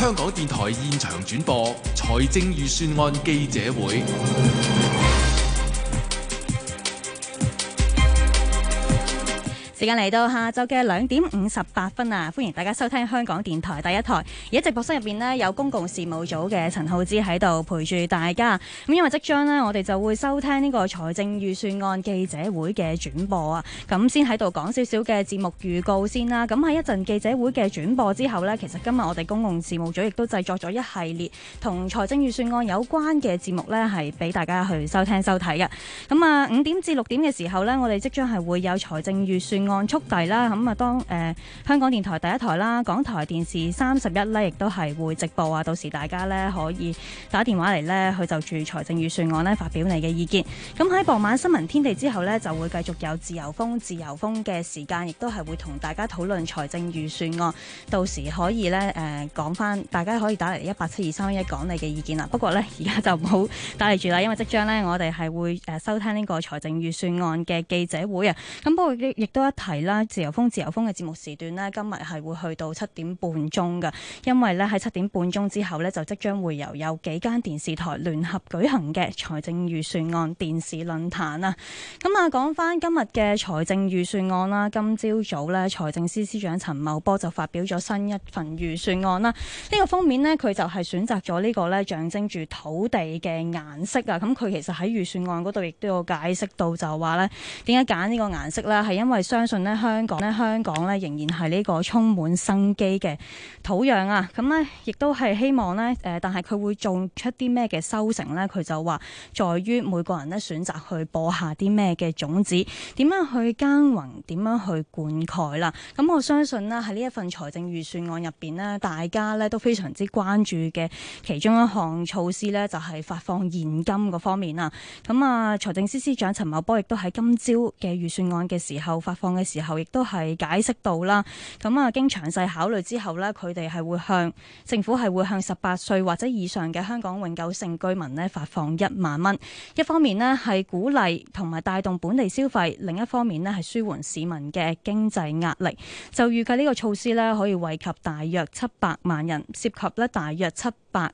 香港電台現場轉播財政預算案記者會。時間嚟到下晝嘅兩點五十八分啊！歡迎大家收聽香港電台第一台。而喺直播室入邊呢，有公共事務組嘅陳浩之喺度陪住大家。咁因為即將呢，我哋就會收聽呢個財政預算案記者會嘅轉播啊。咁先喺度講少少嘅節目預告先啦。咁喺一陣記者會嘅轉播之後呢，其實今日我哋公共事務組亦都製作咗一系列同財政預算案有關嘅節目呢，係俾大家去收聽收睇嘅。咁啊，五點至六點嘅時候呢，我哋即將係會有財政預算案。按速遞啦，咁啊、呃、香港電台第一台啦，港台電視三十一咧，亦都係會直播啊！到時大家呢可以打電話嚟呢，佢就住財政預算案呢發表你嘅意見。咁喺傍晚新聞天地之後呢，就會繼續有自由風，自由風嘅時間，亦都係會同大家討論財政預算案。到時可以呢誒講翻，大家可以打嚟一八七二三一講你嘅意見啦。不過呢，而家就唔好打嚟住啦，因為即將呢，我哋係會誒、呃、收聽呢個財政預算案嘅記者會啊。咁不過亦亦都一。題啦，自由風自由風嘅節目時段呢，今日係會去到七點半鐘㗎，因為呢喺七點半鐘之後呢就即將會由有幾間電視台聯合舉行嘅財政預算案電視論壇啊。咁啊，講翻今日嘅財政預算案啦，今朝早呢財政司司長陳茂波就發表咗新一份預算案啦。呢個封面呢佢就係選擇咗呢個呢，象徵住土地嘅顏色啊。咁佢其實喺預算案嗰度亦都有解釋到，就話呢點解揀呢個顏色呢？係因為相。相信咧香港咧香港咧仍然係呢個充滿生機嘅土壤啊！咁呢亦都係希望呢，誒，但係佢會種出啲咩嘅收成呢？佢就話在於每個人咧選擇去播下啲咩嘅種子，點樣去耕耘，點樣去灌溉啦。咁我相信呢，喺呢一份財政預算案入邊呢，大家咧都非常之關注嘅其中一項措施呢，就係發放現金嗰方面啊。咁啊，財政司司長陳茂波亦都喺今朝嘅預算案嘅時候發放。嘅時候，亦都係解釋到啦。咁啊，經詳細考慮之後呢，佢哋係會向政府係會向十八歲或者以上嘅香港永久性居民呢發放一萬蚊。一方面呢，係鼓勵同埋帶動本地消費，另一方面呢，係舒緩市民嘅經濟壓力。就預計呢個措施呢，可以惠及大約七百萬人，涉及呢大約七百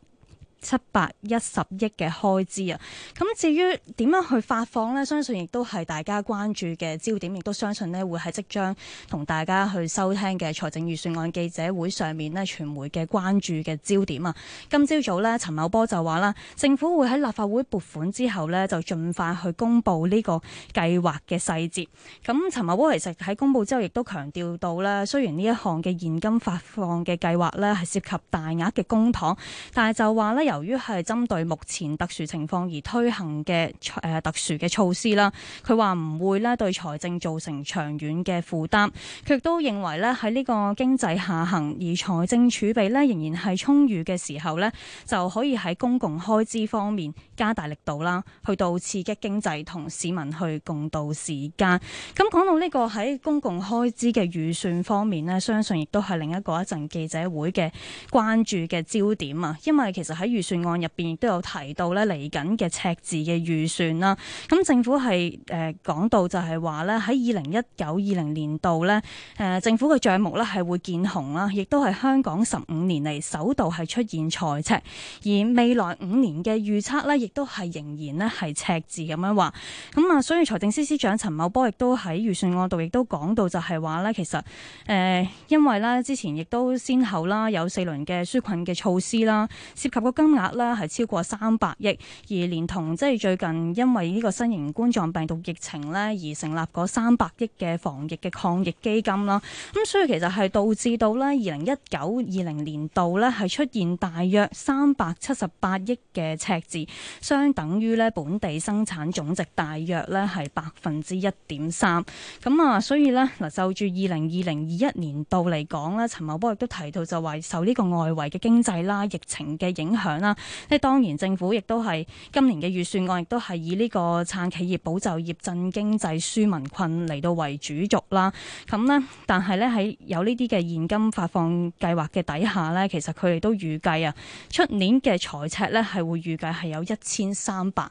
七百一十億嘅開支啊！咁至於點樣去發放咧，相信亦都係大家關注嘅焦點，亦都相信咧會喺即將同大家去收聽嘅財政預算案記者會上面咧，傳媒嘅關注嘅焦點啊！今朝早咧，陳茂波就話啦，政府會喺立法會撥款之後咧，就盡快去公布呢個計劃嘅細節，咁陳茂波其實喺公布之後亦都強調到啦，雖然呢一項嘅現金發放嘅計劃咧係涉及大額嘅公帑，但係就話咧。由於係針對目前特殊情況而推行嘅誒特殊嘅措施啦，佢話唔會咧對財政造成長遠嘅負擔，佢亦都認為咧喺呢個經濟下行而財政儲備咧仍然係充裕嘅時候咧，就可以喺公共開支方面加大力度啦，去到刺激經濟同市民去共度時間。咁講到呢個喺公共開支嘅預算方面咧，相信亦都係另一個一陣記者會嘅關注嘅焦點啊，因為其實喺。預算案入邊亦都有提到呢，嚟緊嘅赤字嘅預算啦。咁政府係誒講到就係話呢，喺二零一九二零年度呢，誒、呃、政府嘅賬目呢係會見紅啦，亦都係香港十五年嚟首度係出現財赤，而未來五年嘅預測呢，亦都係仍然咧係赤字咁樣話。咁啊，所以財政司司長陳茂波亦都喺預算案度亦都講到就係話呢，其實誒、呃、因為呢之前亦都先後啦有四輪嘅紓困嘅措施啦，涉及個金。金額咧係超過三百億，而連同即係最近因為呢個新型冠狀病毒疫情呢而成立嗰三百億嘅防疫嘅抗疫基金啦，咁所以其實係導致到呢二零一九二零年度呢係出現大約三百七十八億嘅赤字，相等於呢本地生產總值大約呢係百分之一點三，咁啊所以呢，嗱就住二零二零二一年度嚟講呢陳茂波亦都提到就話受呢個外圍嘅經濟啦、疫情嘅影響。啦，即當然，政府亦都係今年嘅預算案，亦都係以呢個撐企業、保就業、振經濟、紓民困嚟到為主軸啦。咁呢，但係呢，喺有呢啲嘅現金發放計劃嘅底下呢，其實佢哋都預計啊，出年嘅財赤呢係會預計係有一千三百。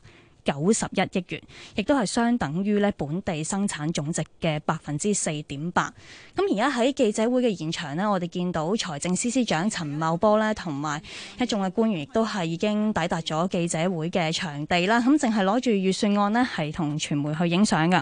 九十一億元，亦都係相等於咧本地生產總值嘅百分之四點八。咁而家喺記者會嘅現場呢，我哋見到財政司司長陳茂波呢，同埋一眾嘅官員，亦都係已經抵達咗記者會嘅場地啦。咁淨係攞住預算案呢，係同傳媒去影相㗎。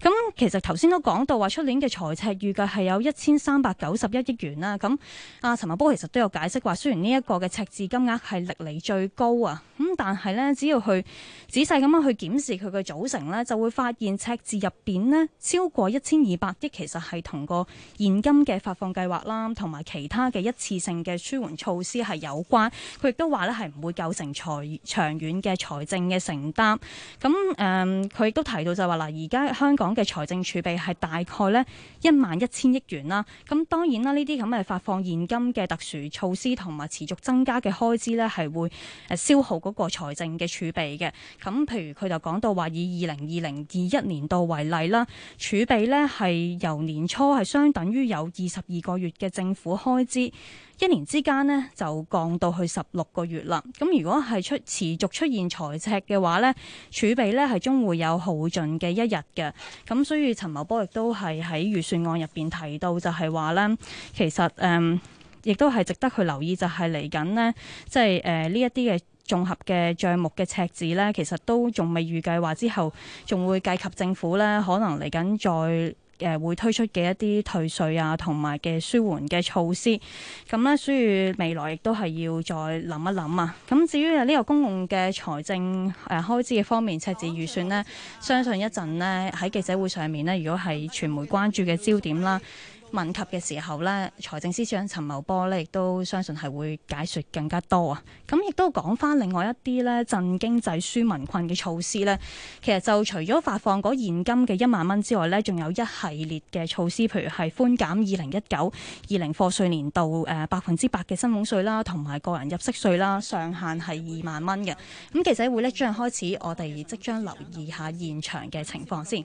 咁其實頭先都講到話出年嘅財赤預計係有一千三百九十一億元啦。咁阿陳茂波其實都有解釋話雖然呢一個嘅赤字金額係歷嚟最高啊，咁但係咧，只要去仔細咁樣去檢視佢嘅組成咧，就會發現赤字入邊咧超過一千二百億，其實係同個現金嘅發放計劃啦，同埋其他嘅一次性嘅舒緩措施係有關。佢亦都話咧，係唔會構成財長遠嘅財政嘅承擔。咁誒佢亦都提到就話啦，而家香港。嘅財政儲備係大概呢一萬一千億元啦，咁當然啦，呢啲咁嘅發放現金嘅特殊措施同埋持續增加嘅開支呢，係會誒消耗嗰個財政嘅儲備嘅。咁譬如佢就講到話，以二零二零二一年度為例啦，儲備呢係由年初係相等於有二十二個月嘅政府開支。一年之間呢，就降到去十六個月啦。咁如果係出持續出現財赤嘅話呢，儲備呢係總會有耗盡嘅一日嘅。咁所以陳茂波亦都係喺預算案入邊提到，就係話呢，其實誒亦都係值得去留意就，就係嚟緊呢，即係呢一啲嘅綜合嘅帳目嘅赤字呢，其實都仲未預計話之後仲會計及政府呢，可能嚟緊再。誒會推出嘅一啲退稅啊，同埋嘅舒緩嘅措施，咁呢，所以未來亦都係要再諗一諗啊。咁至於呢個公共嘅財政誒、呃、開支嘅方面赤字預算呢，okay. 相信一陣呢喺記者會上面呢，如果係傳媒關注嘅焦點啦。問及嘅時候呢，財政司長陳茂波呢亦都相信係會解説更加多啊！咁亦都講翻另外一啲呢，振經濟舒民困嘅措施呢，其實就除咗發放嗰現金嘅一萬蚊之外呢，仲有一系列嘅措施，譬如係寬減二零一九二零課稅年度誒百分之百嘅薪俸稅啦，同埋個人入息稅啦，上限係二萬蚊嘅。咁記者會呢將開始，我哋即將留意一下現場嘅情況先。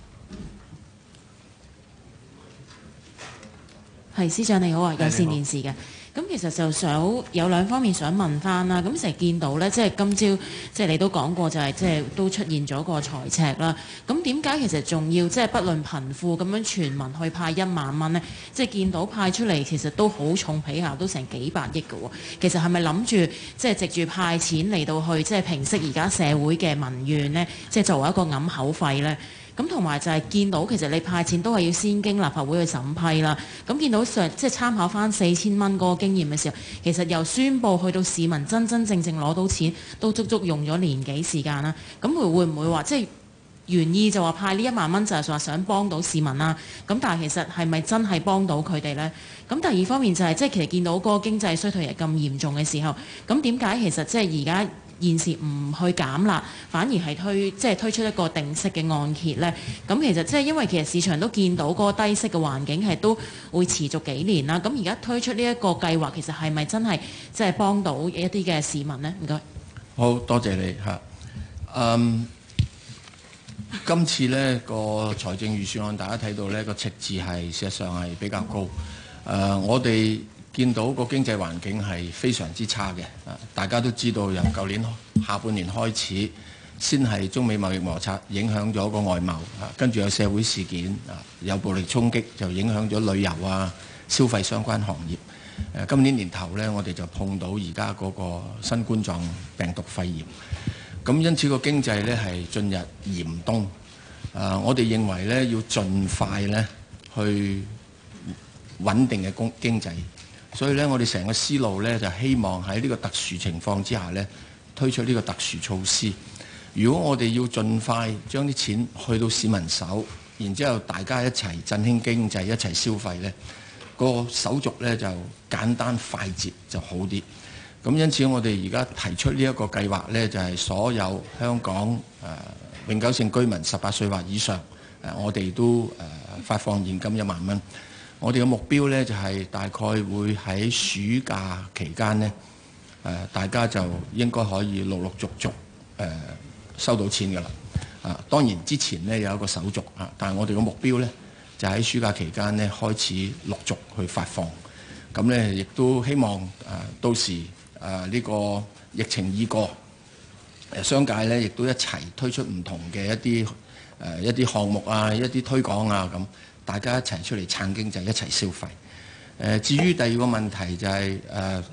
係，司長你好啊，有線電視嘅。咁其實就想有兩方面想問翻啦。咁成日見到呢，即係今朝，即係你都講過，就係即係都出現咗個財赤啦。咁點解其實仲要即係不論貧富咁樣全民去派一萬蚊呢，即係見到派出嚟，其實都好重，起碼都成幾百億嘅喎。其實係咪諗住即係藉住派錢嚟到去即係平息而家社會嘅民怨呢？即係作為一個揞口費呢？咁同埋就係見到其實你派錢都係要先經立法會去審批啦。咁見到上即參考翻四千蚊個經驗嘅時候，其實由宣佈去到市民真真正正攞到錢，都足足用咗年幾時間啦。咁佢會唔會話即係原意就話派呢一萬蚊就係話想幫到市民啦？咁但係其實係咪真係幫到佢哋呢？咁第二方面就係、是、即係其實見到個經濟衰退係咁嚴重嘅時候，咁點解其實即係而家？現時唔去減啦，反而係推即係、就是、推出一個定息嘅按揭呢。咁其實即係因為其實市場都見到嗰個低息嘅環境係都會持續幾年啦。咁而家推出呢一個計劃，其實係咪真係即係幫到一啲嘅市民呢？唔該，好多謝，謝你嚇。Uh, 今次呢 個財政預算案，大家睇到呢、那個赤字係事實上係比較高。誒、uh，我哋。見到個經濟環境係非常之差嘅，啊！大家都知道由去，由舊年下半年開始，先係中美貿易摩擦影響咗個外貿，跟、啊、住有社會事件，啊，有暴力衝擊就影響咗旅遊啊、消費相關行業。啊、今年年頭呢，我哋就碰到而家嗰個新冠狀病毒肺炎，咁因此個經濟呢係進入嚴冬。啊，我哋認為呢，要盡快呢去穩定嘅工經濟。所以咧，我哋成個思路咧就希望喺呢個特殊情況之下咧，推出呢個特殊措施。如果我哋要盡快將啲錢去到市民手，然之後大家一齊振興經濟，一齊消費咧，個手續咧就簡單快捷就好啲。咁因此，我哋而家提出呢一個計劃咧，就係所有香港誒永久性居民十八歲或以上誒，我哋都誒發放現金一萬蚊。我哋嘅目標呢，就係大概會喺暑假期間呢，誒大家就應該可以陸陸續續誒收到錢㗎喇。啊，當然之前呢，有一個手續啊，但係我哋嘅目標呢，就喺暑假期間呢開始陸續去發放。咁呢，亦都希望誒到時誒呢個疫情已過，商界呢亦都一齊推出唔同嘅一啲誒一啲項目啊，一啲推廣啊咁。大家一齊出嚟撐經濟，一齊消費。至於第二個問題就係、是呃、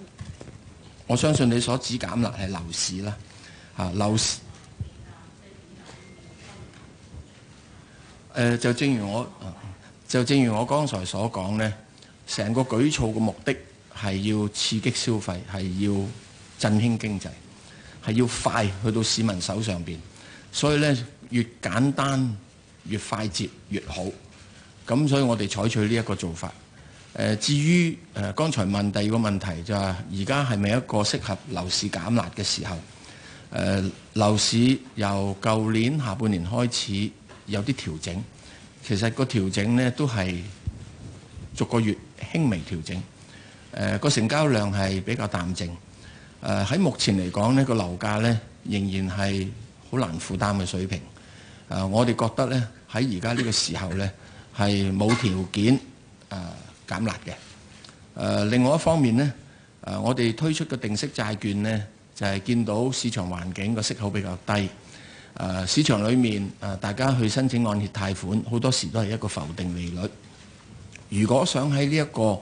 我相信你所指減辣係樓市啦、啊，樓市、呃。就正如我，就正如我剛才所講呢，成個舉措嘅目的係要刺激消費，係要振興經濟，係要快去到市民手上邊，所以呢，越簡單越快捷越好。咁所以，我哋採取呢一個做法。呃、至於誒，剛、呃、才問第二個問題、就是，就係而家係咪一個適合樓市減辣嘅時候？誒、呃，樓市由舊年下半年開始有啲調整，其實個調整呢都係逐個月輕微調整。誒、呃，個成交量係比較淡靜。誒、呃，喺目前嚟講，呢個樓價呢仍然係好難負擔嘅水平。啊、呃，我哋覺得呢，喺而家呢個時候呢，係冇條件誒減辣嘅。誒另外一方面呢，誒我哋推出嘅定息債券呢，就係見到市場環境個息口比較低。誒市場裏面誒大家去申請按揭貸款，好多時都係一個浮動利率。如果想喺呢一個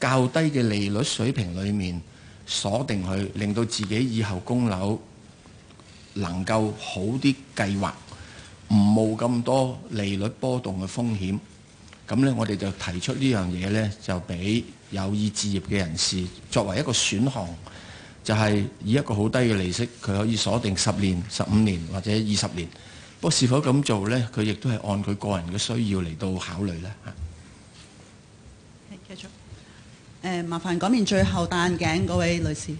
較低嘅利率水平裏面鎖定佢，令到自己以後供樓能夠好啲計劃，唔冒咁多利率波動嘅風險。咁呢，我哋就提出呢樣嘢呢，就俾有意置業嘅人士作為一個選項，就係以一個好低嘅利息，佢可以鎖定十年、十五年或者二十年。不過是否咁做呢？佢亦都係按佢個人嘅需要嚟到考慮呢吓，繼續，呃、麻煩講完最後戴眼鏡嗰位女士。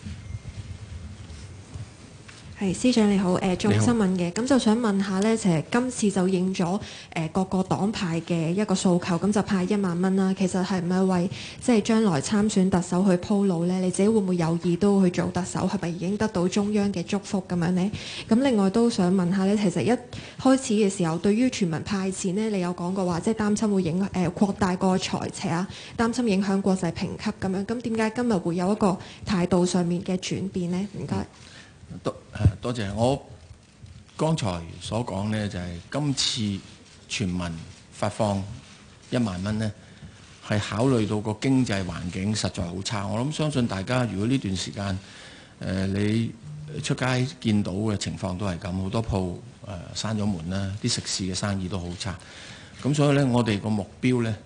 係，司長你好。中綜新聞嘅，咁就想問下呢，其實今次就應咗各個黨派嘅一個訴求，咁就派一萬蚊啦。其實係唔係為即係將來參選特首去鋪路呢？你自己會唔會有意都去做特首？係咪已經得到中央嘅祝福咁樣呢？咁另外都想問下呢，其實一開始嘅時候，對於全民派錢呢，你有講過話即係擔心會影響誒擴大個財赤啊，擔心影響國際評級咁樣。咁點解今日會有一個態度上面嘅轉變呢？唔該。多多謝，我剛才所講呢，就係今次全民發放一萬蚊呢，係考慮到個經濟環境實在好差，我諗相信大家如果呢段時間你出街見到嘅情況都係咁，好多鋪誒閂咗門啦，啲食肆嘅生意都好差，咁所以呢，我哋個目標呢，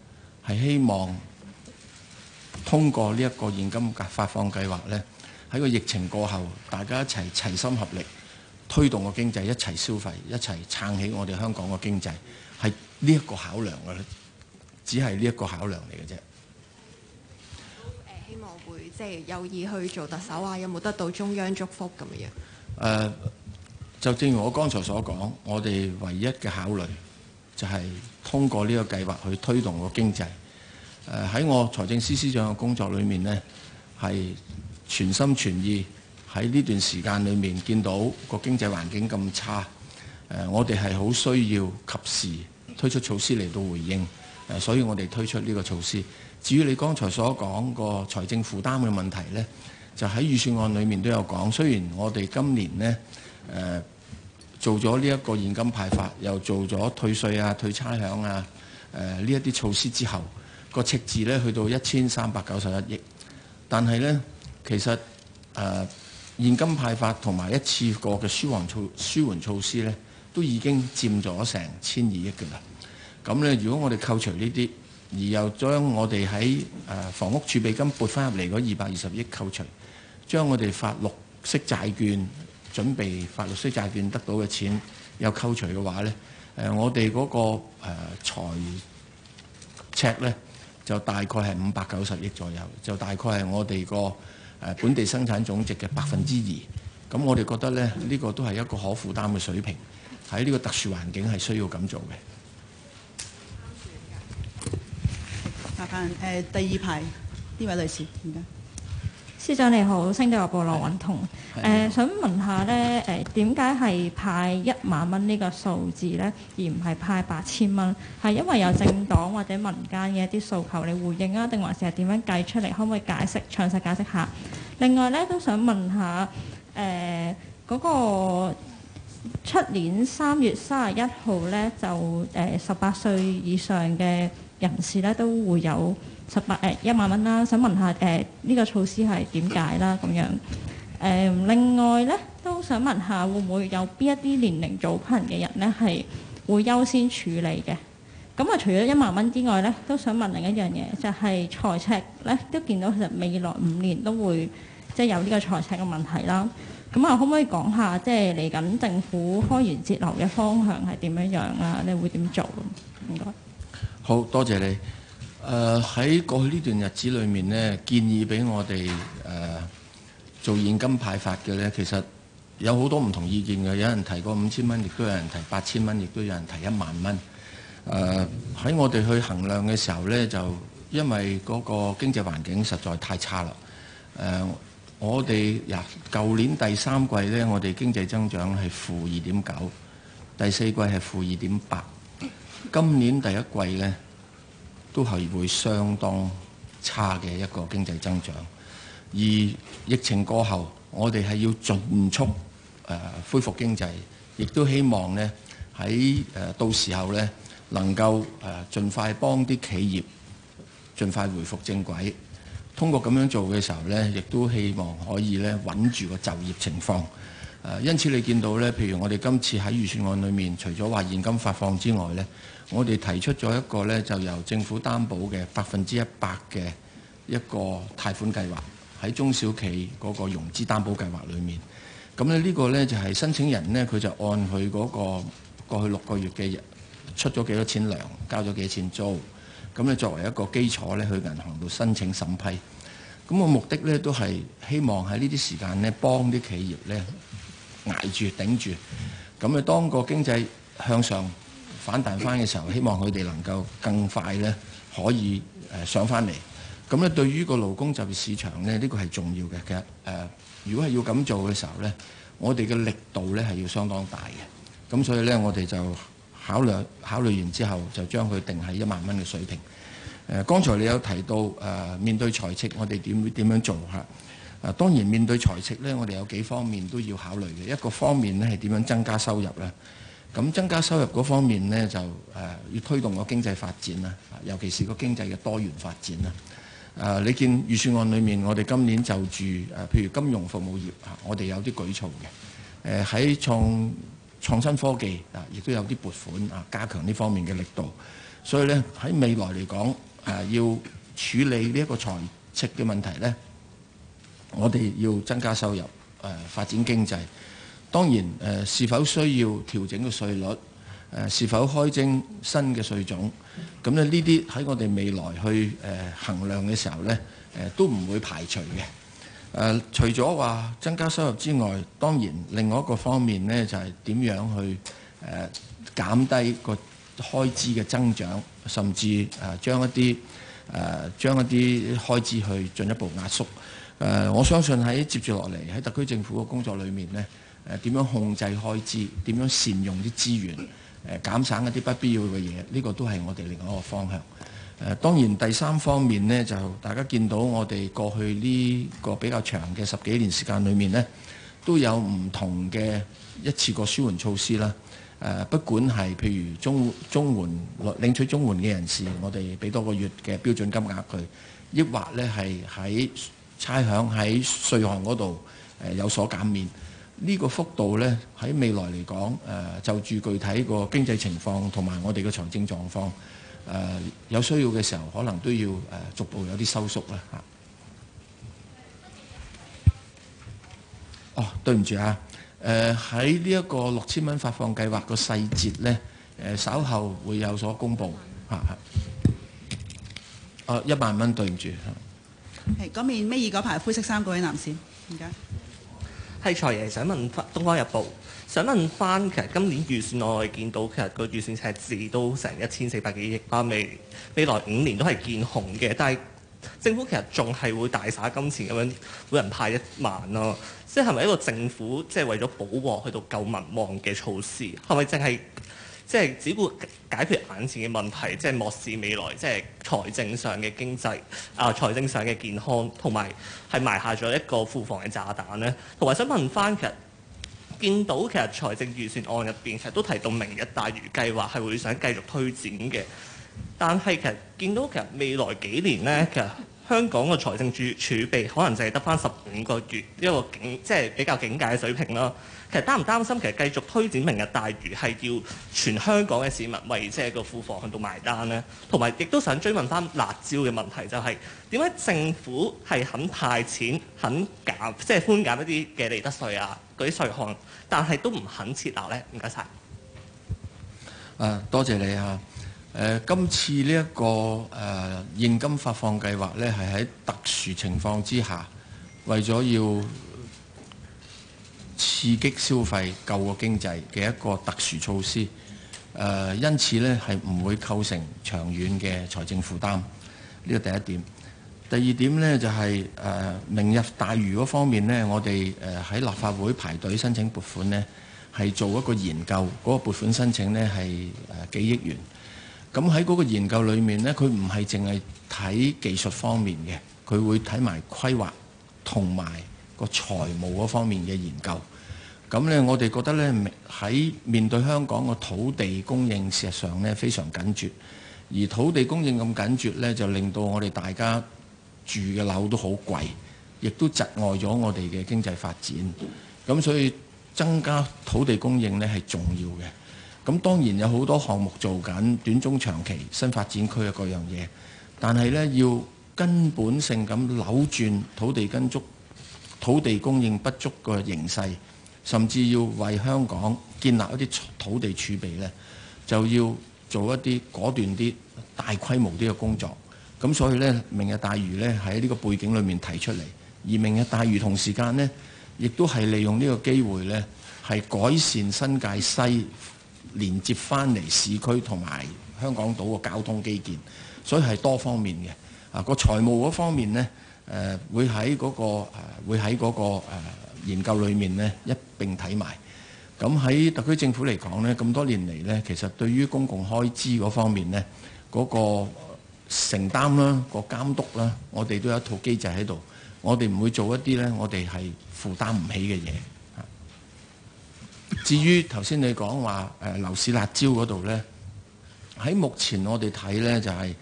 係希望通過呢一個現金發放計劃呢。喺個疫情過後，大家一齊齊心合力推動個經濟，一齊消費，一齊撐起我哋香港個經濟，係呢一個考量嚟嘅，只係呢一個考量嚟嘅啫。希望會即係、就是、有意去做特首啊？有冇得到中央祝福咁樣？誒、uh，就正如我剛才所講，我哋唯一嘅考慮就係通過呢個計劃去推動個經濟。喺、uh, 我財政司司長嘅工作裏面呢，係。全心全意喺呢段時間裏面，見到個經濟環境咁差，誒、呃，我哋係好需要及時推出措施嚟到回應，誒、呃，所以我哋推出呢個措施。至於你剛才所講個財政負擔嘅問題呢，就喺預算案裡面都有講。雖然我哋今年呢誒、呃、做咗呢一個現金派發，又做咗退稅啊、退差餉啊，誒呢一啲措施之後，個赤字呢去到一千三百九十一億，但係呢。其實誒、呃、現金派發同埋一次過嘅舒緩措舒緩措施咧，都已經佔咗成千二億㗎喇。咁、嗯、咧，如果我哋扣除呢啲，而又將我哋喺誒房屋儲備金撥返入嚟嗰二百二十億扣除，將我哋發綠色債券準備發綠色債券得到嘅錢又扣除嘅話咧，誒、呃、我哋嗰、那個誒財赤咧就大概係五百九十億左右，就大概係我哋個。誒本地生產總值嘅百分之二，咁我哋覺得咧，呢個都係一個可負擔嘅水平，喺呢個特殊環境係需要咁做嘅。誒第二排呢位女士，唔該。司長你好，星島日報羅允彤。誒、呃，想問下咧，誒點解係派一萬蚊呢個數字咧，而唔係派八千蚊？係因為有政黨或者民間嘅一啲訴求，你回應啊，定還是係點樣計出嚟？可唔可以解釋詳細解釋下？另外咧，都想問下，誒、呃、嗰、那個出年三月三十一號咧，就誒十八歲以上嘅人士咧，都會有。十八誒一萬蚊啦，想問下誒呢個措施係點解啦咁樣？誒另外咧都想問下，會唔會有邊一啲年齡組羣嘅人咧係會優先處理嘅？咁啊除咗一萬蚊之外咧，都想問另一樣嘢，就係財赤咧，都見到其實未來五年都會，即係有呢個財赤嘅問題啦。咁啊可唔可以講下，即係嚟緊政府開源節流嘅方向係點樣樣啊？你會點做咁？唔該。好多謝你。誒、呃、喺過去呢段日子裏面咧，建議俾我哋誒、呃、做現金派發嘅咧，其實有好多唔同意見嘅。有人提過五千蚊，亦都有人提八千蚊，亦都有人提一萬蚊。誒、呃、喺我哋去衡量嘅時候呢，就因為嗰個經濟環境實在太差啦。誒、呃，我哋呀，舊、呃、年第三季呢，我哋經濟增長係負二點九，第四季係負二點八，今年第一季呢，都係會相當差嘅一個經濟增長，而疫情過後，我哋係要盡速恢復經濟，亦都希望呢喺到時候呢能夠誒盡快幫啲企業盡快回復正軌。通過咁樣做嘅時候呢，亦都希望可以呢穩住個就業情況。誒，因此你見到呢，譬如我哋今次喺預算案裏面，除咗話現金發放之外呢。我哋提出咗一個咧，就由政府擔保嘅百分之一百嘅一個貸款計劃，喺中小企嗰個融資擔保計劃裡面。咁咧呢個咧就係申請人呢，佢就按佢嗰個過去六個月嘅出咗幾多錢糧，交咗幾多錢租。咁咧作為一個基礎咧，去銀行度申請審批。咁個目的咧都係希望喺呢啲時間咧，幫啲企業咧捱住頂住。咁咧當個經濟向上，反彈翻嘅時候，希望佢哋能夠更快呢，可以上翻嚟。咁咧對於個勞工就業市場呢，呢、呢個係重要嘅。其實、呃、如果係要咁做嘅時候呢，我哋嘅力度呢係要相當大嘅。咁所以呢，我哋就考慮考慮完之後，就將佢定喺一萬蚊嘅水平、呃。剛才你有提到、呃、面對財赤，我哋點、點樣做嚇、呃？當然面對財赤呢，我哋有幾方面都要考慮嘅。一個方面呢係點樣增加收入呢？咁增加收入嗰方面呢，就誒、呃，要推動個經濟發展啦，尤其是個經濟嘅多元發展啦。誒、呃，你見預算案裏面，我哋今年就住誒、呃，譬如金融服務業吓、啊，我哋有啲舉措嘅。誒、呃，喺創創新科技啊，亦都有啲撥款啊，加強呢方面嘅力度。所以呢，喺未來嚟講，誒、啊，要處理呢一個財赤嘅問題呢，我哋要增加收入，誒、呃，發展經濟。當然，誒是否需要調整個稅率，是否開徵新嘅稅種，咁呢呢啲喺我哋未來去誒衡量嘅時候呢，誒都唔會排除嘅。除咗話增加收入之外，當然另外一個方面呢，就係點樣去誒減低個開支嘅增長，甚至誒將一啲誒將一啲開支去進一步壓縮。誒我相信喺接住落嚟喺特區政府嘅工作裏面呢。誒、呃、點樣控制開支？點樣善用啲資源？誒、呃、減省一啲不必要嘅嘢，呢、這個都係我哋另外一個方向。誒、呃、當然第三方面呢，就大家見到我哋過去呢個比較長嘅十幾年時間裏面呢，都有唔同嘅一次過舒緩措施啦。呃、不管係譬如綜綜援領取綜援嘅人士，我哋俾多個月嘅標準金額佢；抑或呢係喺差餉喺稅項嗰度有所減免。呢、這個幅度呢，喺未來嚟講，誒、呃、就住具體個經濟情況同埋我哋嘅財政狀況，誒、呃、有需要嘅時候，可能都要誒、呃、逐步有啲收縮啦嚇。哦，對唔住啊，誒喺呢一個六千蚊發放計劃個細節呢、呃，稍後會有所公布嚇。誒、啊啊、一萬蚊，對唔住嚇。係嗰面尾二嗰排灰色衫嗰位男士，唔該。係財爺，想問翻《東方日報》，想問翻其實今年預算內見到其實個預算赤字都成一千四百幾億未，但係未來五年都係見紅嘅。但係政府其實仲係會大灑金錢咁樣每人派一萬咯、啊。即係係咪一個政府即係、就是、為咗保旺去到救民望嘅措施？係咪淨係？即係只顧解決眼前嘅問題，即係漠視未來，即係財政上嘅經濟啊，財政上嘅健康，同埋係埋下咗一個庫房嘅炸彈咧。同埋想問翻，其實見到其實財政預算案入邊，其實都提到明日大嶼計劃係會想繼續推展嘅，但係其實見到其實未來幾年咧，其實香港嘅財政儲儲備可能淨係得翻十五個月一個警，即係比較警戒嘅水平咯。其實擔唔擔心？其實繼續推展明日大嶼係要全香港嘅市民為即係個庫房去到埋單咧，同埋亦都想追問返辣招嘅問題、就係，就係點解政府係肯派錢、肯減即係寬減一啲嘅利得稅啊、嗰啲稅項，但係都唔肯撤辣咧？唔該晒，啊，多謝你嚇、啊。誒、呃，今次呢、這、一個誒、呃、現金發放計劃咧，係喺特殊情況之下，為咗要刺激消費、救個經濟嘅一個特殊措施，誒、呃，因此呢係唔會構成長遠嘅財政負擔，呢個第一點。第二點呢，就係、是、誒、呃、明日大嶼嗰方面呢，我哋誒喺立法會排隊申請撥款呢，係做一個研究，嗰、那個撥款申請呢係誒、呃、幾億元。咁喺嗰個研究裏面呢，佢唔係淨係睇技術方面嘅，佢會睇埋規劃同埋個財務嗰方面嘅研究。咁咧，我哋覺得咧，喺面對香港嘅土地供應，事實上咧非常緊絀。而土地供應咁緊絀咧，就令到我哋大家住嘅樓都好貴，亦都窒礙咗我哋嘅經濟發展。咁所以增加土地供應呢係重要嘅。咁當然有好多項目做緊，短、中、長期新發展區嘅各樣嘢，但係咧要根本性咁扭轉土地跟足土地供應不足嘅形勢，甚至要為香港建立一啲土地儲備呢，就要做一啲果斷啲、大規模啲嘅工作。咁所以呢，明日大嶼呢喺呢個背景裏面提出嚟，而明日大嶼同時間呢，亦都係利用呢個機會呢，係改善新界西連接翻嚟市區同埋香港島嘅交通基建。所以係多方面嘅。啊，個財務嗰方面呢，誒會喺嗰個誒會喺嗰個誒研究裏面呢，一並睇埋，咁喺特區政府嚟講呢，咁多年嚟呢，其實對於公共開支嗰方面呢，嗰個承擔啦、個監督啦，我哋都有一套機制喺度，我哋唔會做一啲呢，我哋係負擔唔起嘅嘢。至於頭先你講話誒樓市辣招嗰度呢，喺目前我哋睇呢，就係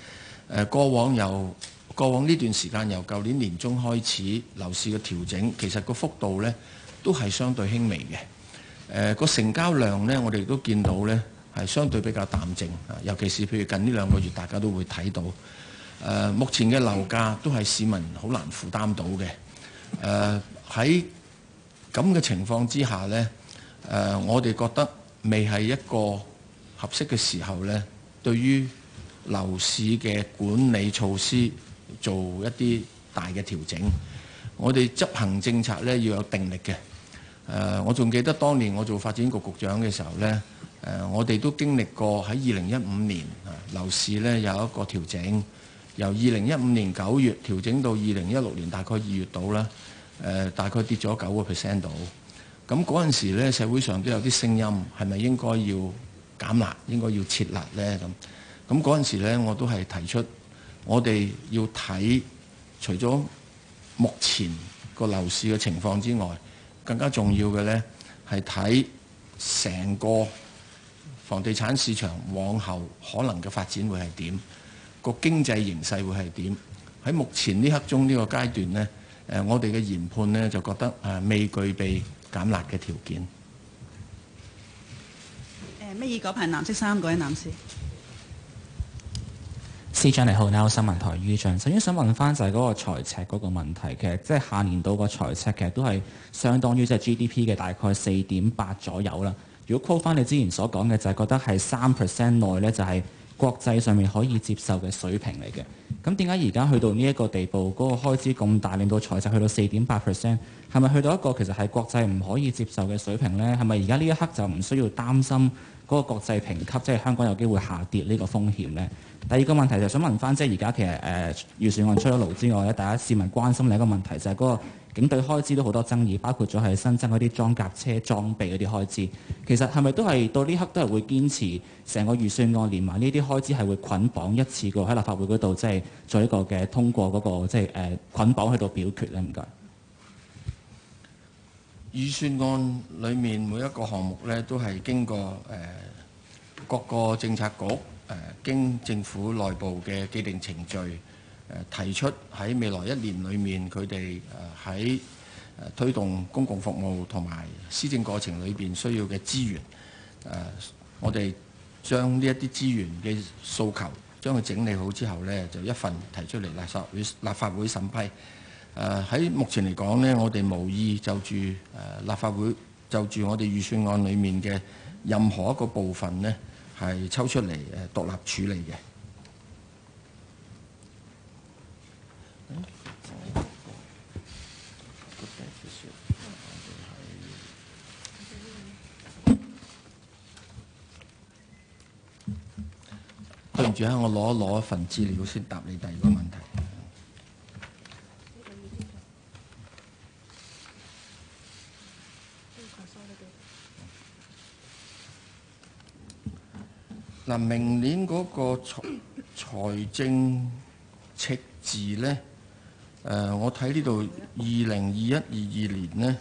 誒過往有。過往呢段時間，由舊年年中開始樓市嘅調整，其實個幅度呢都係相對輕微嘅。個、呃、成交量呢，我哋都見到呢係相對比較淡靜啊，尤其是譬如近呢兩個月，大家都會睇到、呃。目前嘅樓價都係市民好難負擔到嘅。誒喺咁嘅情況之下呢，呃、我哋覺得未係一個合適嘅時候呢，對於樓市嘅管理措施。做一啲大嘅調整，我哋執行政策呢要有定力嘅。我仲記得當年我做發展局局長嘅時候呢，我哋都經歷過喺二零一五年啊樓市呢有一個調整，由二零一五年九月調整到二零一六年大概二月度啦，大概跌咗九個 percent 度。咁嗰陣時呢，社會上都有啲聲音，係咪應該要減辣，應該要撤辣呢？咁，咁嗰陣時呢，我都係提出。我哋要睇除咗目前個樓市嘅情況之外，更加重要嘅咧係睇成個房地產市場往後可能嘅發展會係點，個經濟形勢會係點。喺目前呢刻中呢個階段呢，誒我哋嘅研判呢就覺得誒未具備減辣嘅條件。誒，咩二嗰排藍色衫嗰位男士。司長你好，Now 新聞台於俊，首先想問翻就係嗰個財赤嗰個問題，其實即係下年度個財赤其實都係相當於只 GDP 嘅大概四點八左右啦。如果 call 翻你之前所講嘅，就係、是、覺得係三 percent 內咧，就係國際上面可以接受嘅水平嚟嘅。咁點解而家去到呢一個地步，嗰、那個開支咁大，令到財赤去到四點八 percent，係咪去到一個其實係國際唔可以接受嘅水平咧？係咪而家呢一刻就唔需要擔心？嗰、那個國際評級，即、就、係、是、香港有機會下跌呢個風險呢？第二個問題就想問返，即係而家其實誒預算案出咗爐之外，大家市民關心另一個問題就係、是、嗰、那個警隊開支都好多爭議，包括咗係新增嗰啲裝甲車裝備嗰啲開支。其實係咪都係到呢刻都係會堅持成個預算案，連埋呢啲開支係會捆綁一次過喺立法會嗰度即係做一個嘅通過嗰、那個即係、就是、捆綁喺度表決呢？唔該。預算案裏面每一個項目咧，都係經過誒各個政策局誒經政府內部嘅既定程序誒提出喺未來一年裏面佢哋誒喺誒推動公共服務同埋施政過程裏邊需要嘅資源誒，我哋將呢一啲資源嘅訴求將佢整理好之後咧，就一份提出嚟立法會立法會審批。喺、呃、目前嚟講呢，我哋無意就住、呃、立法會就住我哋預算案裡面嘅任何一個部分呢，係抽出嚟呃獨立處理嘅。對唔住啊，我攞一攞一份資料先答你第二個。嗱，明年嗰個財財政赤字咧，誒，我睇呢度二零二一、二二年咧，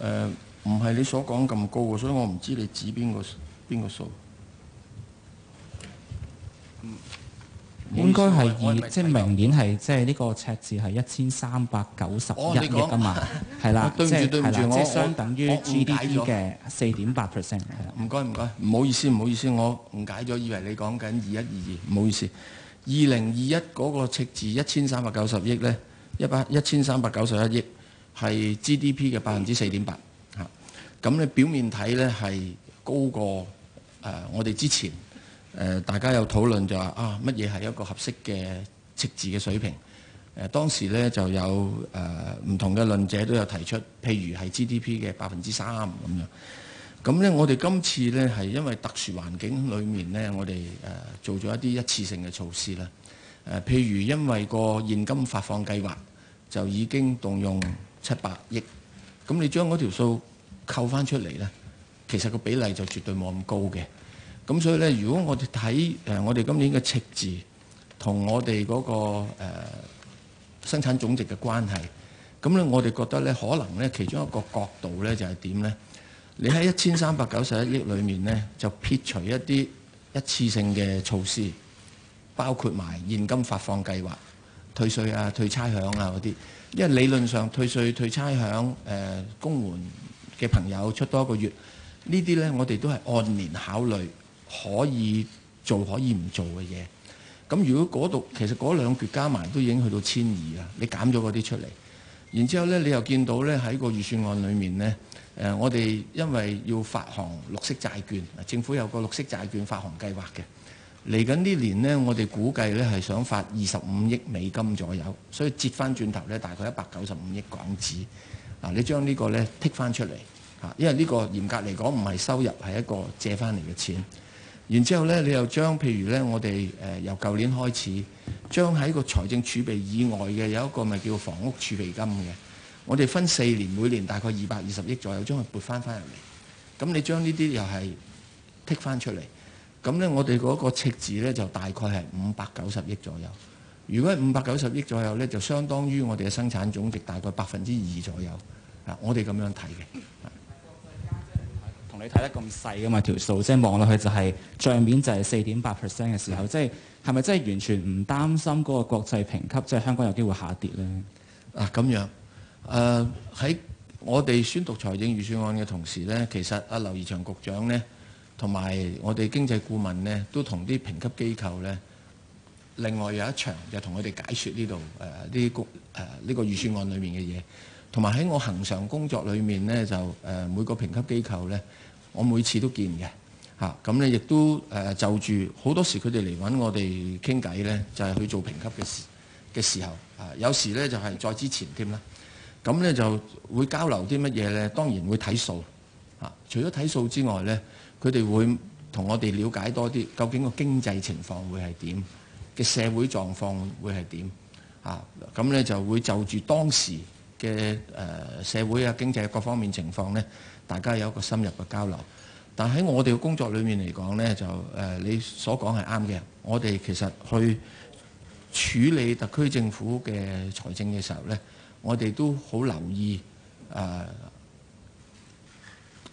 誒，唔係你所講咁高嘅，所以我唔知你指邊個邊個數。應該係二，即係明年係即係呢個赤字係一千三百九十一億啊嘛，係啦，即係係啦，即係相等於 GDP 嘅四點八 percent。唔該唔該，唔好意思唔好意思，我誤解咗，以為你講緊二一二二，唔好意思。二零二一嗰個赤字一千三百九十億呢，一百一千三百九十一億、嗯，係 GDP 嘅百分之四點八。嚇，咁你表面睇呢係高過誒、呃、我哋之前誒、呃、大家有討論就話啊乜嘢係一個合適嘅赤字嘅水平？誒、呃、當時呢就有誒唔、呃、同嘅論者都有提出，譬如係 GDP 嘅百分之三咁樣。咁咧，我哋今次咧係因為特殊環境裏面咧，我哋誒做咗一啲一次性嘅措施啦。誒，譬如因為個現金發放計劃就已經動用七百億，咁你將嗰條數扣翻出嚟咧，其實個比例就絕對冇咁高嘅。咁所以咧，如果我哋睇誒我哋今年嘅赤字同我哋嗰個誒生產總值嘅關係，咁咧我哋覺得咧，可能咧其中一個角度咧就係點咧？你喺一千三百九十一億裏面咧，就撇除一啲一次性嘅措施，包括埋現金發放計劃、退稅啊、退差餉啊嗰啲，因為理論上退稅、退差餉、公援嘅朋友出多一個月，呢啲咧我哋都係按年考慮可以做可以唔做嘅嘢。咁如果嗰度其實嗰兩橛加埋都已經去到千二啊，你減咗嗰啲出嚟，然之後咧你又見到咧喺個預算案裏面咧。誒、呃，我哋因為要發行綠色債券，政府有個綠色債券發行計劃嘅。嚟緊呢年呢，我哋估計呢係想發二十五億美金左右，所以折翻轉頭呢大概一百九十五億港紙。嗱、啊，你將呢個呢剔翻出嚟嚇、啊，因為呢個嚴格嚟講唔係收入，係一個借翻嚟嘅錢。然之後呢，你又將譬如呢，我哋誒、呃、由舊年開始，將喺個財政儲備以外嘅有一個咪叫房屋儲備金嘅。我哋分四年，每年大概二百二十億左右，將佢撥翻翻入嚟。咁你將呢啲又係剔翻出嚟，咁咧我哋嗰個赤字咧就大概係五百九十億左右。如果係五百九十億左右咧，就相當於我哋嘅生產總值大概百分之二左右。啊，我哋咁樣睇嘅。同你睇得咁細㗎嘛，條數即係望落去就係、是、帳面就係四點八 percent 嘅時候，即係係咪真係完全唔擔心嗰個國際評級即係、就是、香港有機會下跌咧？啊，咁樣。誒、uh, 喺我哋宣讀財政預算案嘅同時呢，其實阿劉義祥局長呢，同埋我哋經濟顧問呢，都同啲評級機構呢，另外有一場就同佢哋解說呢度呢個預、呃這個、算案裏面嘅嘢。同埋喺我恒常工作裏面呢，就、呃、每個評級機構呢，我每次都見嘅吓。咁呢亦都、呃、就住好多時佢哋嚟揾我哋傾偈呢，就係、是、去做評級嘅時嘅時候啊。有時呢，就係、是、再之前添啦。咁咧就會交流啲乜嘢呢？當然會睇數啊。除咗睇數之外呢，佢哋會同我哋了解多啲，究竟個經濟情況會係點嘅，社會狀況會係點啊。咁呢就會就住當時嘅誒社會啊、經濟各方面情況呢，大家有一個深入嘅交流。但喺我哋嘅工作裏面嚟講呢，就誒你所講係啱嘅。我哋其實去處理特區政府嘅財政嘅時候呢。我哋都好留意，誒、呃、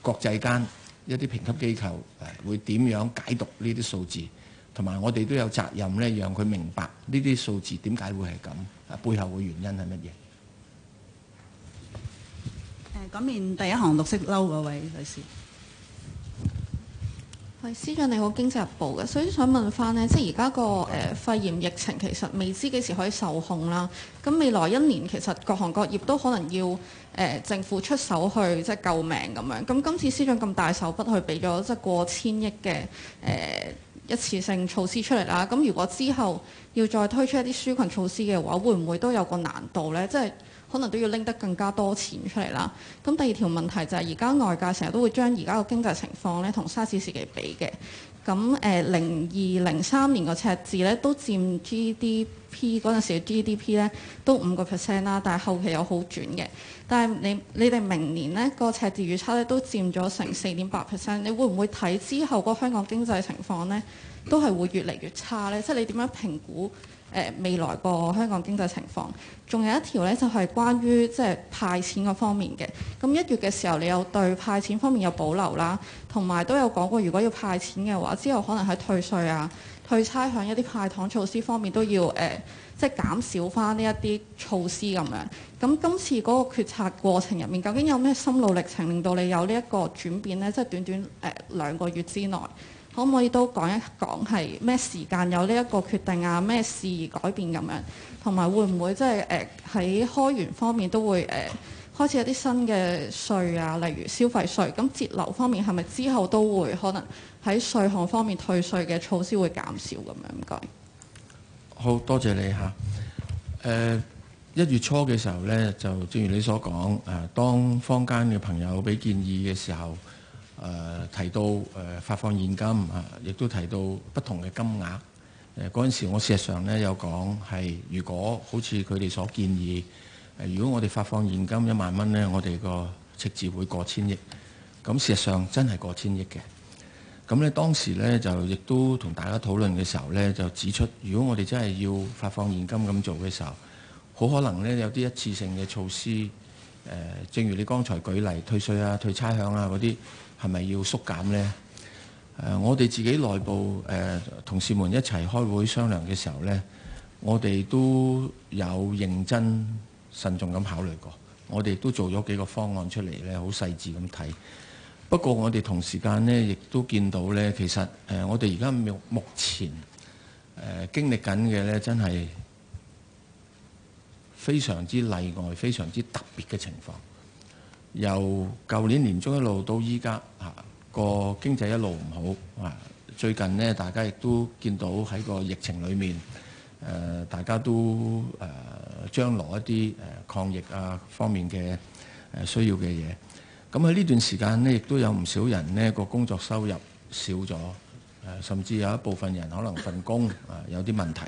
國際間一啲評級機構誒、呃、會點樣解讀呢啲數字，同埋我哋都有責任咧，讓佢明白呢啲數字點解會係咁，誒背後嘅原因係乜嘢。誒、呃，講完第一行綠色褸嗰位女士。係，司長你好，《經濟日報》嘅，所以想問翻咧，即係而家個誒、呃、肺炎疫情其實未知幾時可以受控啦。咁未來一年其實各行各業都可能要誒、呃、政府出手去即係救命咁樣。咁今次司長咁大手筆去俾咗即係過千億嘅誒、呃、一次性措施出嚟啦。咁如果之後要再推出一啲紓困措施嘅話，會唔會都有個難度呢？即係。可能都要拎得更加多錢出嚟啦。咁第二條問題就係，而家外界成日都會將而家個經濟情況咧同沙士時期比嘅。咁誒零二零三年個赤字咧都佔 GDP 嗰陣時嘅 GDP 咧都五個 percent 啦，但係後期有好轉嘅。但係你你哋明年咧個赤字預測咧都佔咗成四點八 percent，你會唔會睇之後嗰香港經濟情況咧都係會越嚟越差咧？即係你點樣評估？誒未來個香港經濟情況，仲有一條咧就係關於即係派錢嗰方面嘅。咁一月嘅時候，你有對派錢方面有保留啦，同埋都有講過，如果要派錢嘅話，之後可能喺退稅啊、退差餉一啲派糖措施方面都要誒，即係減少翻呢一啲措施咁樣。咁今次嗰個決策過程入面，究竟有咩心路歷程令到你有呢一個轉變呢？即係短短誒兩個月之內。可唔可以都講一講係咩時間有呢一個決定啊？咩事而改變咁樣？同埋會唔會即係誒喺開源方面都會誒、呃、開始一啲新嘅稅啊，例如消費稅。咁節流方面係咪之後都會可能喺稅項方面退稅嘅措施會減少咁樣？唔該。好多謝你吓。誒、呃、一月初嘅時候呢，就正如你所講誒、呃，當坊間嘅朋友俾建議嘅時候。誒提到、呃、發放現金啊，亦都提到不同嘅金額。誒、啊、嗰陣時，我事實上呢有講係，如果好似佢哋所建議，啊、如果我哋發放現金一萬蚊呢，我哋個赤字會過千億。咁、啊、事實上真係過千億嘅。咁咧當時呢，就亦都同大家討論嘅時候呢，就指出，如果我哋真係要發放現金咁做嘅時候，好可能呢有啲一次性嘅措施、啊。正如你剛才舉例，退稅啊、退差餉啊嗰啲。係咪要縮減呢？呃、我哋自己內部、呃、同事們一齊開會商量嘅時候呢，我哋都有認真慎重咁考慮過。我哋都做咗幾個方案出嚟呢，好細緻咁睇。不過我哋同時間呢，亦都見到呢，其實、呃、我哋而家目前、呃、經歷緊嘅呢，真係非常之例外、非常之特別嘅情況。由舊年年中一路到依家，嚇、啊、個經濟一路唔好啊。最近呢，大家亦都見到喺個疫情裏面、呃，大家都將、呃、來一啲、呃、抗疫啊方面嘅、呃、需要嘅嘢。咁喺呢段時間呢，亦都有唔少人呢個工作收入少咗、啊，甚至有一部分人可能份工啊有啲問題。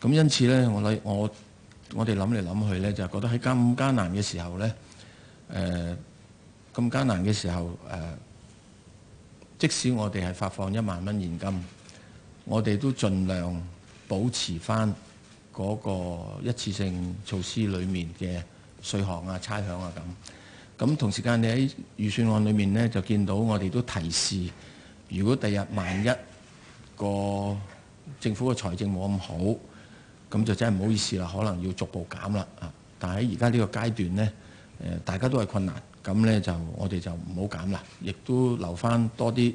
咁因此呢，我諗我我哋諗嚟諗去呢，就覺得喺咁艱難嘅時候呢。誒、呃、咁艱難嘅時候、呃，即使我哋係發放一萬蚊現金，我哋都盡量保持翻嗰個一次性措施裏面嘅稅項啊、差餉啊咁。咁同時間你喺預算案裏面咧，就見到我哋都提示，如果第日萬一個政府嘅財政冇咁好，咁就真係唔好意思啦，可能要逐步減啦啊！但喺而家呢個階段咧。誒、呃、大家都係困難，咁呢就我哋就唔好減啦，亦都留翻多啲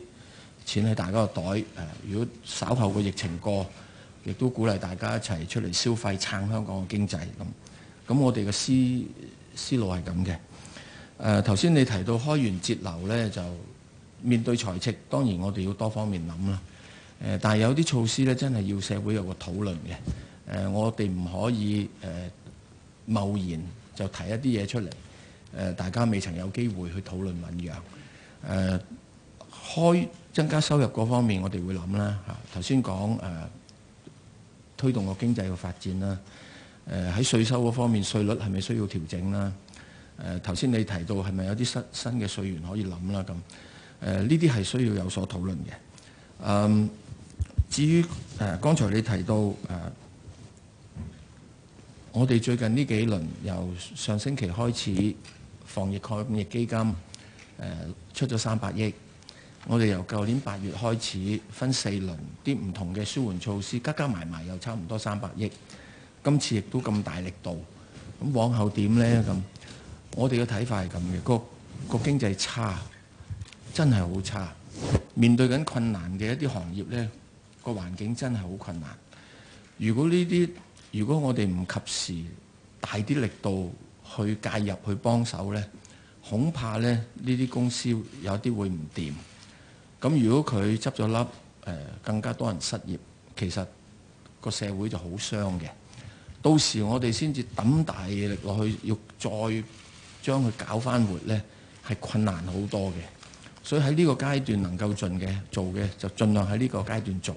錢喺大家個袋。誒、呃，如果稍後個疫情過，亦都鼓勵大家一齊出嚟消費撐香港嘅經濟。咁，咁我哋嘅思思路係咁嘅。誒、呃，頭先你提到開源節流呢，就面對財赤，當然我哋要多方面諗啦。誒、呃，但係有啲措施呢，真係要社會有個討論嘅。誒、呃，我哋唔可以誒貿、呃、然就提一啲嘢出嚟。大家未曾有機會去討論綫養、啊。開增加收入嗰方面我、我哋會諗啦。頭先講推動個經濟嘅發展啦。喺、啊、稅收嗰方面，稅率係咪需要調整啦？誒、啊，頭先你提到係咪有啲新新嘅稅源可以諗啦？咁呢啲係需要有所討論嘅、啊。至於、啊、剛才你提到、啊、我哋最近呢幾輪由上星期開始。防疫抗疫基金，誒，出咗三百億，我哋由舊年八月開始分四輪啲唔同嘅舒緩措施，加加埋埋又差唔多三百億，今次亦都咁大力度，咁往後點咧？咁我哋嘅睇法係咁嘅，個個經濟差真係好差，面對緊困難嘅一啲行業咧，個環境真係好困難。如果呢啲如果我哋唔及時大啲力度，去介入去幫手呢，恐怕呢，呢啲公司有啲會唔掂。咁如果佢執咗粒，更加多人失業，其實個社會就好傷嘅。到時我哋先至抌大力落去，要再將佢搞返活呢，係困難好多嘅。所以喺呢個階段能夠盡嘅做嘅，就盡量喺呢個階段做。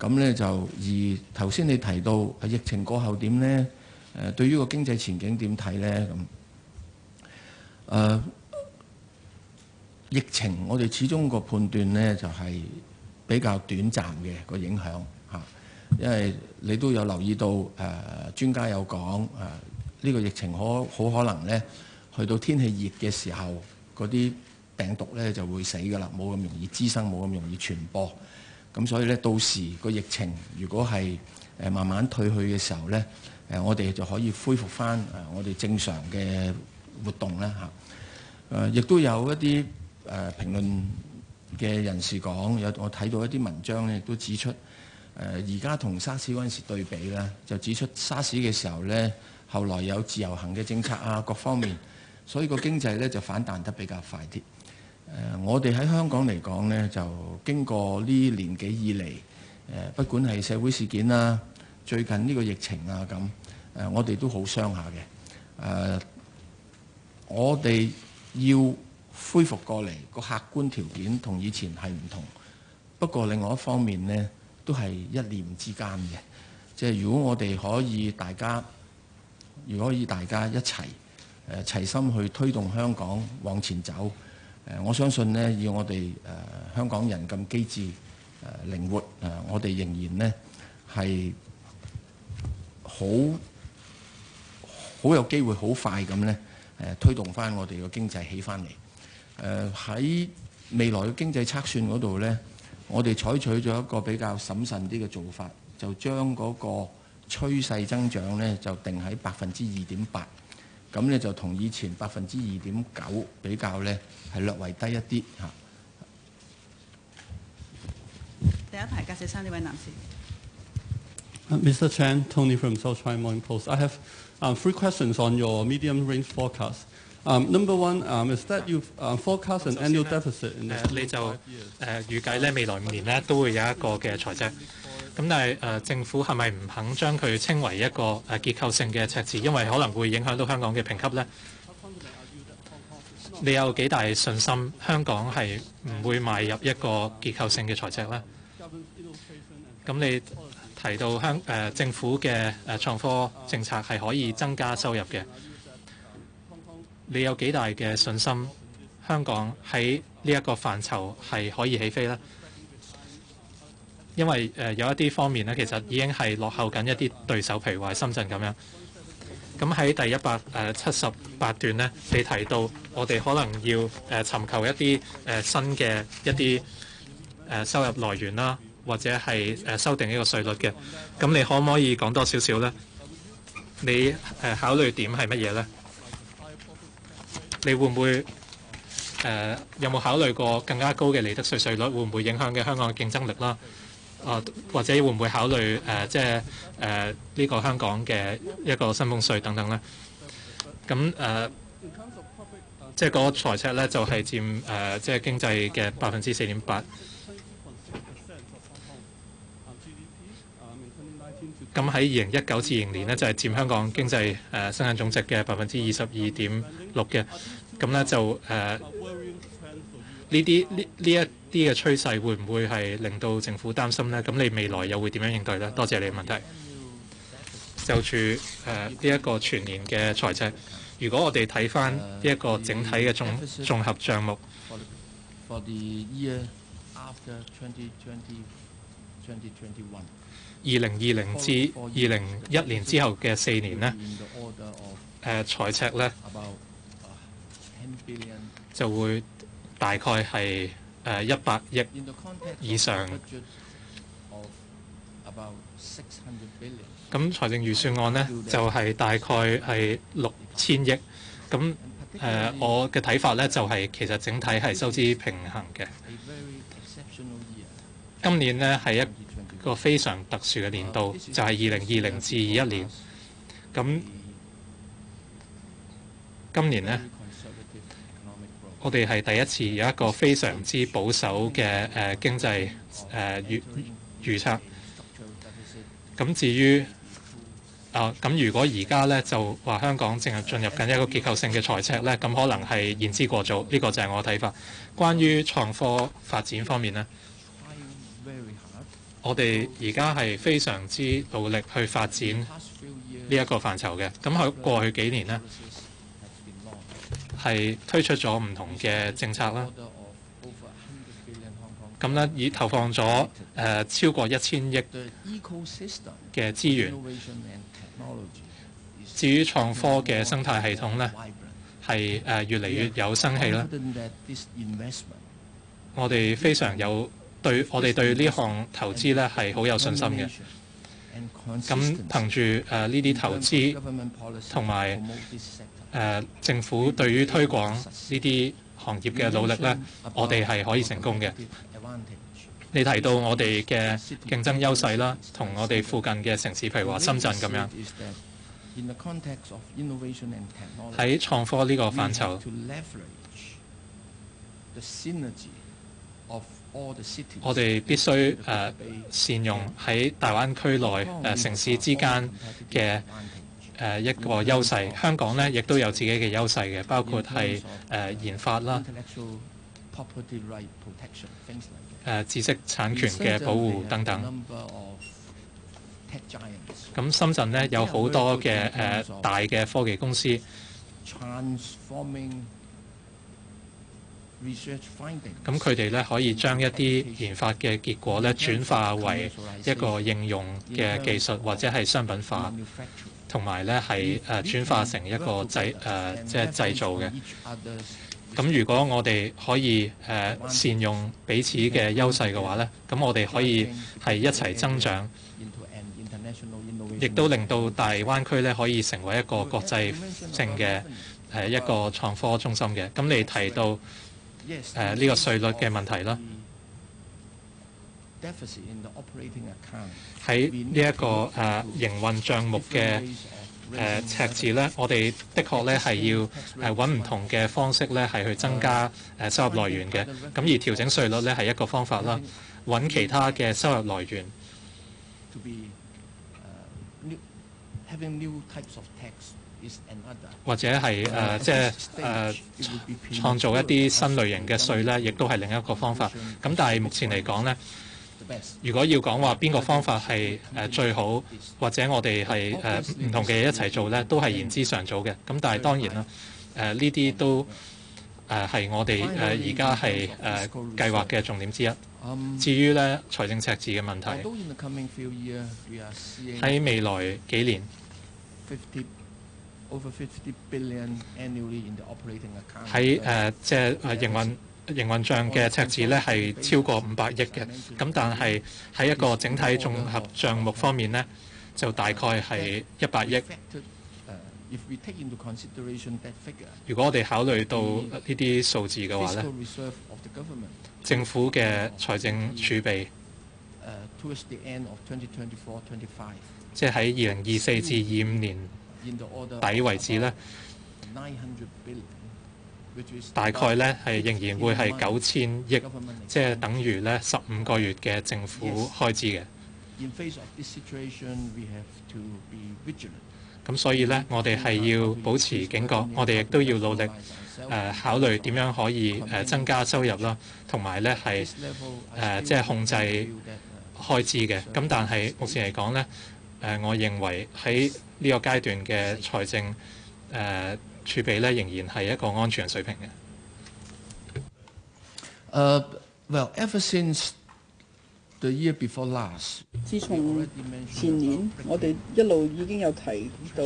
咁呢，就而頭先你提到疫情過後點呢？呃、對於個經濟前景點睇呢？咁、呃、疫情我哋始終個判斷呢，就係、係、比較短暫嘅、個影響吓，因為你都有留意到呃、專家有講、呃、呢個疫情可好可能呢，去到天氣熱嘅時候，嗰啲病毒呢就會死㗎啦，冇咁容易滋生，冇咁容易傳播。咁所以呢，到時、個疫情如果係慢慢退去嘅時候呢。誒，我哋就可以恢復翻誒我哋正常嘅活動啦嚇。誒，亦都有一啲誒評論嘅人士講，有我睇到一啲文章咧，亦都指出誒，而家同沙士嗰陣時對比咧，就指出沙士嘅時候咧，後來有自由行嘅政策啊，各方面，所以個經濟咧就反彈得比較快啲。誒，我哋喺香港嚟講咧，就經過呢年幾以嚟，誒，不管係社會事件啊、最近呢個疫情啊咁。我哋都好傷下嘅。我哋要恢復過嚟個客觀條件同以前係唔同。不過另外一方面呢，都係一念之間嘅。即係如果我哋可以大家，如果可以大家一齊誒齊心去推動香港往前走，呃，我相信呢以我哋、呃、香港人咁機智誒靈活、呃、呃、我哋仍然呢係好。好有機會，好快咁咧，推動翻我哋個經濟起翻嚟。喺、uh, 未來嘅經濟測算嗰度咧，我哋採取咗一個比較審慎啲嘅做法，就將嗰個趨勢增長咧就定喺百分之二點八。咁咧就同以前百分之二點九比較咧，係略為低一啲嚇。第一排，格仔衫呢位男士。Uh, Mr. Chan Tony from South China Morning Post. I have Three questions on your medium-range forecast. Number one is that you forecast an annual deficit。誒你就誒預計咧未來五年咧都會有一個嘅財赤。咁但係誒政府係咪唔肯將佢稱為一個誒結構性嘅赤字？因為可能會影響到香港嘅評級咧。你有幾大信心香港係唔會邁入一個結構性嘅財赤咧？咁你？提到香誒政府嘅誒創科政策係可以增加收入嘅，你有幾大嘅信心香港喺呢一個範疇係可以起飛呢？因為誒有一啲方面呢，其實已經係落後緊一啲對手，譬如話深圳咁樣。咁喺第一百誒七十八段呢，你提到我哋可能要誒尋求一啲誒新嘅一啲誒收入來源啦。或者係誒修訂呢個稅率嘅，咁你可唔可以講多少少呢？你誒、啊、考慮點係乜嘢呢？你會唔會誒、啊、有冇考慮過更加高嘅利得稅稅率會唔會影響嘅香港競爭力啦？啊，或者會唔會考慮誒即係誒呢個香港嘅一個薪俸稅等等呢？咁誒，即係嗰個財赤咧就係佔誒即係經濟嘅百分之四點八。咁喺二零一九至二零年呢，就係、是、佔香港經濟誒、呃、生產總值嘅百分之二十二點六嘅。咁呢，就誒呢啲呢呢一啲嘅趨勢，會唔會係令到政府擔心呢？咁你未來又會點樣應對呢？多謝你嘅問題。就住誒呢一個全年嘅財政，如果我哋睇翻呢一個整體嘅綜綜合帳目。Uh, 二零二零至二零一年之後嘅四年呢誒財赤呢就會大概係誒一百億以上。咁財政預算案呢就係、是、大概係六千億。咁誒我嘅睇法呢就係、是、其實整體係收支平衡嘅。今年呢係一一個非常特殊嘅年度就係二零二零至二一年，咁今年呢，我哋係第一次有一個非常之保守嘅誒、啊、經濟誒、啊、預預測。咁至於啊，咁如果而家呢，就話香港正係進入緊一個結構性嘅財赤呢，咁可能係言之過早。呢、呢個就係我嘅睇法。關於創科發展方面呢。我哋而家係非常之努力去發展呢一個範疇嘅，咁喺過去幾年呢，係推出咗唔同嘅政策啦。咁呢，已投放咗誒、呃、超過一千億嘅資源。至於創科嘅生態系統呢，係誒、呃、越嚟越有生氣啦。我哋非常有。對我哋對呢項投資呢係好有信心嘅。咁憑住誒呢啲投資同埋誒政府對於推廣呢啲行業嘅努力呢，我哋係可以成功嘅。你提到我哋嘅競爭優勢啦，同我哋附近嘅城市，譬如話深圳咁樣，喺創科呢個範疇。我哋必須誒、呃、善用喺大灣區內誒、呃、城市之間嘅誒、呃、一個優勢。香港呢亦都有自己嘅優勢嘅，包括係誒、呃、研發啦、誒、呃、知識產權嘅保護等等。咁深圳呢有好多嘅誒、呃、大嘅科技公司。咁，佢哋咧可以將一啲研發嘅結果咧轉化為一個應用嘅技術，或者係商品化，同埋咧係誒轉化成一個製誒即係製造嘅。咁如果我哋可以誒善用彼此嘅優勢嘅話咧，咁我哋可以係一齊增長，亦都令到大灣區咧可以成為一個國際性嘅誒一個創科中心嘅。咁你提到。誒、啊、呢、這個稅率嘅問題啦，喺呢一個誒、啊、營運帳目嘅赤、啊、赤字呢，我哋的確呢係要誒揾唔同嘅方式呢，係去增加、啊、收入來源嘅。咁而調整稅率呢，係一個方法啦，揾其他嘅收入來源。或者係誒、呃、即係誒、呃、創造一啲新類型嘅稅呢，亦都係另一個方法。咁但係目前嚟講呢，如果要講話邊個方法係誒最好，或者我哋係誒唔同嘅嘢一齊做呢，都係言之尚早嘅。咁但係當然啦，誒呢啲都誒係、呃、我哋誒而家係誒計劃嘅重點之一。至於呢，財政赤字嘅問題，喺未來幾年。喺誒即係營運營運帳嘅赤字咧，係超過五百億嘅。咁但係喺一個整體綜合帳目方面咧，就大概係一百億。Uh, figure, 如果我哋考慮到呢啲數字嘅話咧，政府嘅財政儲備，即係喺二零二四至二五年底為止咧，大概咧係仍然會係九千億，即係等於咧十五個月嘅政府開支嘅。咁所以咧，我哋係要保持警覺，我哋亦都要努力誒、呃、考慮點樣可以誒增加收入啦，同埋咧係誒即係控制開支嘅。咁但係目前嚟講咧。我認為喺呢個階段嘅財政誒、啊、儲備咧，仍然係一個安全水平嘅。誒、uh,Well, ever since the year before last，自從前年，uh, 我哋一路已經有提到，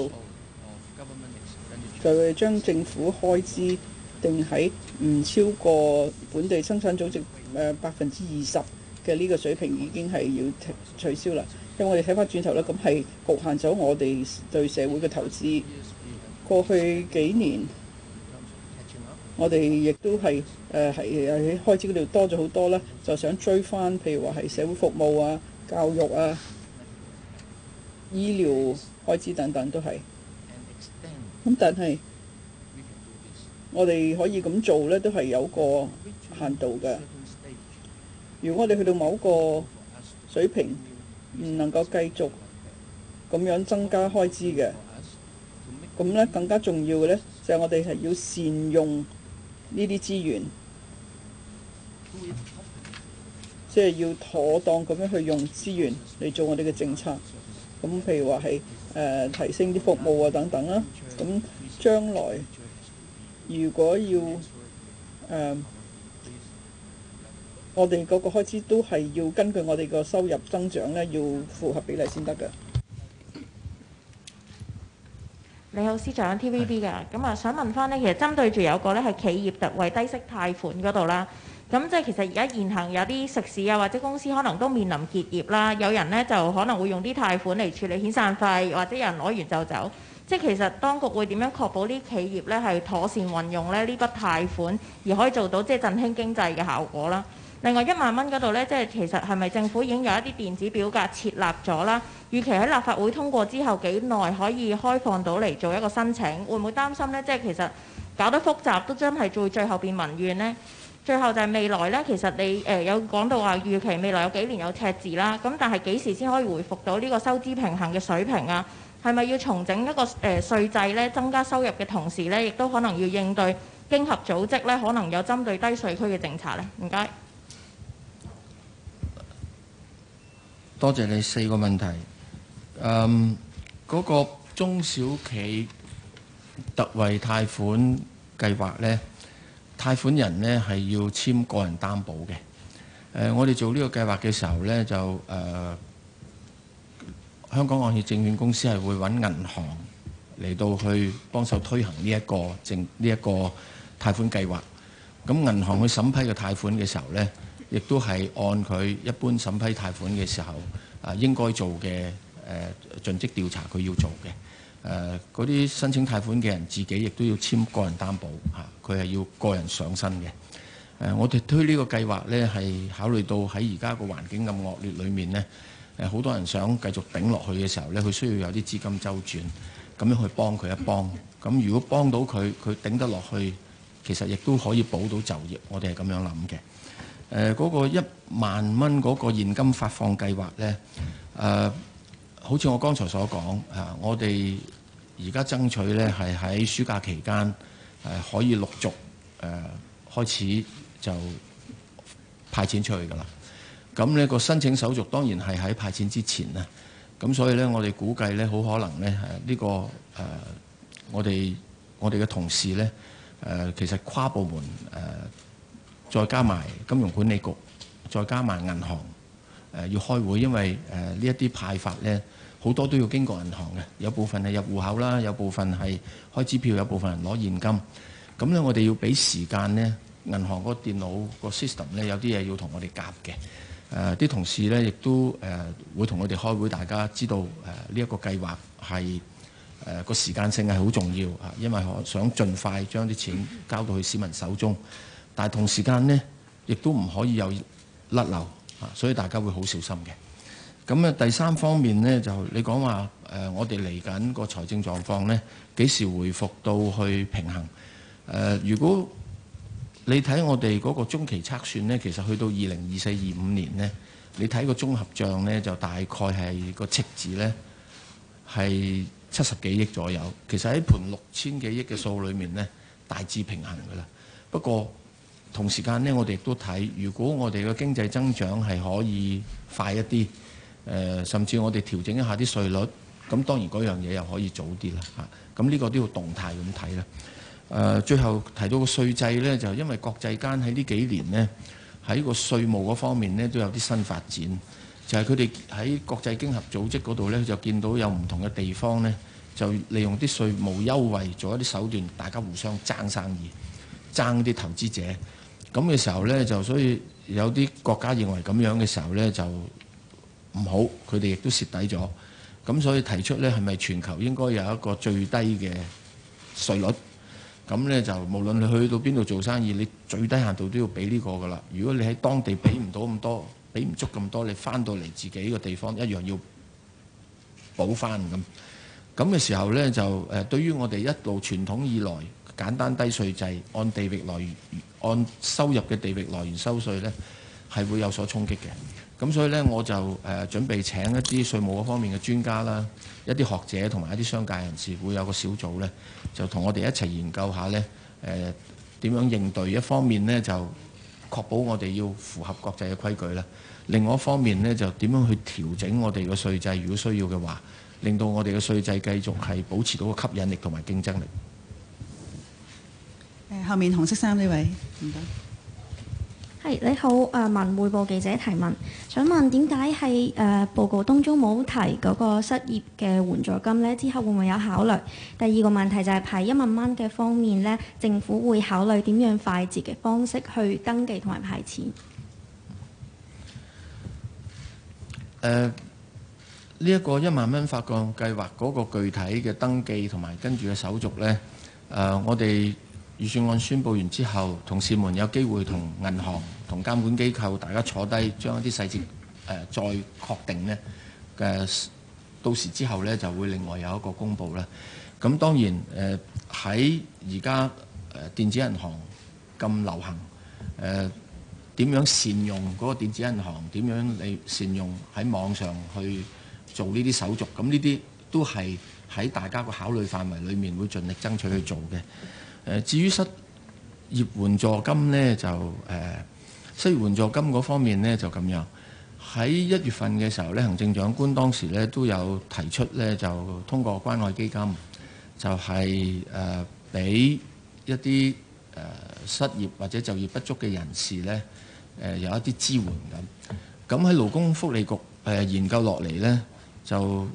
就係將政府開支定喺唔超過本地生產總值誒百分之二十嘅呢個水平，已經係要取消啦。因為我哋睇翻轉頭啦，咁係局限咗我哋對社會嘅投資。過去幾年，我哋亦都係誒係喺開支嗰度多咗好多啦，就想追翻譬如話係社會服務啊、教育啊、醫療開支等等都係。咁但係我哋可以咁做咧，都係有一個限度嘅。如果我哋去到某個水平，唔能夠繼續咁樣增加開支嘅，咁咧更加重要嘅咧，就係我哋係要善用呢啲資源，即係要妥當咁樣去用資源嚟做我哋嘅政策。咁譬如話係誒提升啲服務啊等等啦。咁將來如果要誒，呃我哋嗰個開支都係要根據我哋個收入增長咧，要符合比例先得㗎。你好，司長，TVB 㗎，咁啊想問翻呢，其實針對住有個咧係企業特惠低息貸款嗰度啦，咁即係其實而家現行有啲食肆啊，或者公司可能都面臨結業啦，有人呢就可能會用啲貸款嚟處理遣散費，或者有人攞完就走。即係其實當局會點樣確保啲企業咧係妥善運用咧呢筆貸款，而可以做到即係振興經濟嘅效果啦？另外一萬蚊嗰度呢，即係其實係咪政府已經有一啲電子表格設立咗啦？預期喺立法會通過之後幾耐可以開放到嚟做一個申請？會唔會擔心呢？即係其實搞得複雜都真係最最後變民怨呢？最後就係未來呢，其實你誒有講到話預期未來有幾年有赤字啦，咁但係幾時先可以回復到呢個收支平衡嘅水平啊？係咪要重整一個誒稅制呢？增加收入嘅同時呢，亦都可能要應對經合組織呢，可能有針對低稅區嘅政策呢？唔該。多謝你四個問題。誒、嗯、嗰、那個中小企特惠貸款計劃咧，貸款人咧係要簽個人擔保嘅。誒、呃，我哋做呢個計劃嘅時候咧，就誒、呃、香港按揭證券公司係會揾銀行嚟到去幫手推行呢、這、一個證呢一個貸款計劃。咁銀行去審批個貸款嘅時候咧。亦都係按佢一般審批貸款嘅時候啊，應該做嘅誒、啊、盡職調查，佢要做嘅嗰啲申請貸款嘅人自己亦都要簽個人擔保吓，佢係、啊、要個人上身嘅、啊、我哋推呢個計劃呢，係考慮到喺而家個環境咁惡劣裏面呢，好、啊、多人想繼續頂落去嘅時候呢，佢需要有啲資金周轉，咁樣去幫佢一幫。咁如果幫到佢，佢頂得落去，其實亦都可以保到就業。我哋係咁樣諗嘅。誒、呃、嗰、那個一萬蚊嗰個現金發放計劃呢，誒、呃、好似我剛才所講、啊、我哋而家爭取呢係喺暑假期間誒、啊、可以陸續誒、啊、開始就派錢出去㗎啦。咁、啊、呢、那個申請手續當然係喺派錢之前啦。咁所以呢，我哋估計呢，好可能呢，呢、啊這個誒、啊、我哋我哋嘅同事呢、啊，其實跨部門誒。啊再加埋金融管理局，再加埋銀行，呃，要開會，因為誒呢一啲派發呢，好多都要經過銀行嘅，有部分係入戶口啦，有部分係開支票，有部分人攞現金。咁咧，我哋要俾時間呢，銀行個電腦個 system 咧，有啲嘢要同我哋夾嘅。誒、呃、啲同事呢，亦都、呃、會同我哋開會，大家知道誒呢一個計劃係誒個時間性係好重要，因為我想盡快將啲錢交到去市民手中。但同時間呢，亦都唔可以有甩漏啊，所以大家會好小心嘅。咁啊，第三方面呢，就你講話、呃、我哋嚟緊個財政狀況呢，幾時回復到去平衡？呃、如果你睇我哋嗰個中期測算呢，其實去到二零二四二五年呢，你睇個綜合帳呢，就大概係個赤字呢，係七十幾億左右。其實喺盤六千幾億嘅數裏面呢，大致平衡噶啦。不過同時間呢，我哋亦都睇，如果我哋嘅經濟增長係可以快一啲，呃，甚至我哋調整一下啲稅率，咁當然嗰樣嘢又可以早啲啦。嚇，啊，咁呢個都要動態咁睇啦。呃，最後提到個稅制呢，就因為國際間喺呢幾年呢，喺個稅務嗰方面呢都有啲新發展，就係佢哋喺國際經合組織嗰度呢，就見到有唔同嘅地方呢，就利用啲稅務優惠做一啲手段，大家互相爭生意、爭啲投資者。咁嘅時候呢，就所以有啲國家認為咁樣嘅時候呢，就唔好佢哋亦都蝕底咗。咁所以提出呢，係咪全球應該有一個最低嘅稅率？咁呢，就無論你去到邊度做生意，你最低限度都要俾呢個噶啦。如果你喺當地俾唔到咁多，俾唔足咁多，你翻到嚟自己嘅地方一樣要補翻咁。咁嘅時候呢，就誒對於我哋一路傳統以來簡單低稅制，按地域來。按收入嘅地域來源收稅呢，係會有所衝擊嘅。咁所以呢，我就誒、呃、準備請一啲稅務嗰方面嘅專家啦，一啲學者同埋一啲商界人士，會有個小組呢，就同我哋一齊研究一下呢，誒、呃、點樣應對一方面呢，就確保我哋要符合國際嘅規矩啦；另外一方面呢，就點樣去調整我哋嘅稅制，如果需要嘅話，令到我哋嘅稅制繼續係保持到個吸引力同埋競爭力。誒，後面紅色衫呢位唔該，係你好，誒文匯報記者提問，想問點解係誒報告當中冇提嗰個失業嘅援助金呢？之後會唔會有考慮？第二個問題就係、是、派一萬蚊嘅方面呢，政府會考慮點樣快捷嘅方式去登記同埋派錢？誒，呢一個一萬蚊發放計劃嗰個具體嘅登記同埋跟住嘅手續呢，誒，我哋。預算案宣布完之後，同事們有機會同銀行同監管機構大家坐低，將一啲細節誒再確定呢，到時之後呢，就會另外有一個公佈啦。咁當然誒喺而家電子銀行咁流行，誒、呃、點樣善用嗰個電子銀行？點樣你善用喺網上去做呢啲手續？咁呢啲都係喺大家嘅考慮範圍裡面，會盡力爭取去做嘅。誒至於失業援助金咧，就誒失業援助金嗰方面咧，就咁樣喺一月份嘅時候咧，行政長官當時咧都有提出咧，就通過關愛基金，就係誒俾一啲誒、呃、失業或者就業不足嘅人士咧，誒、呃、有一啲支援咁。咁喺勞工福利局誒、呃、研究落嚟咧，就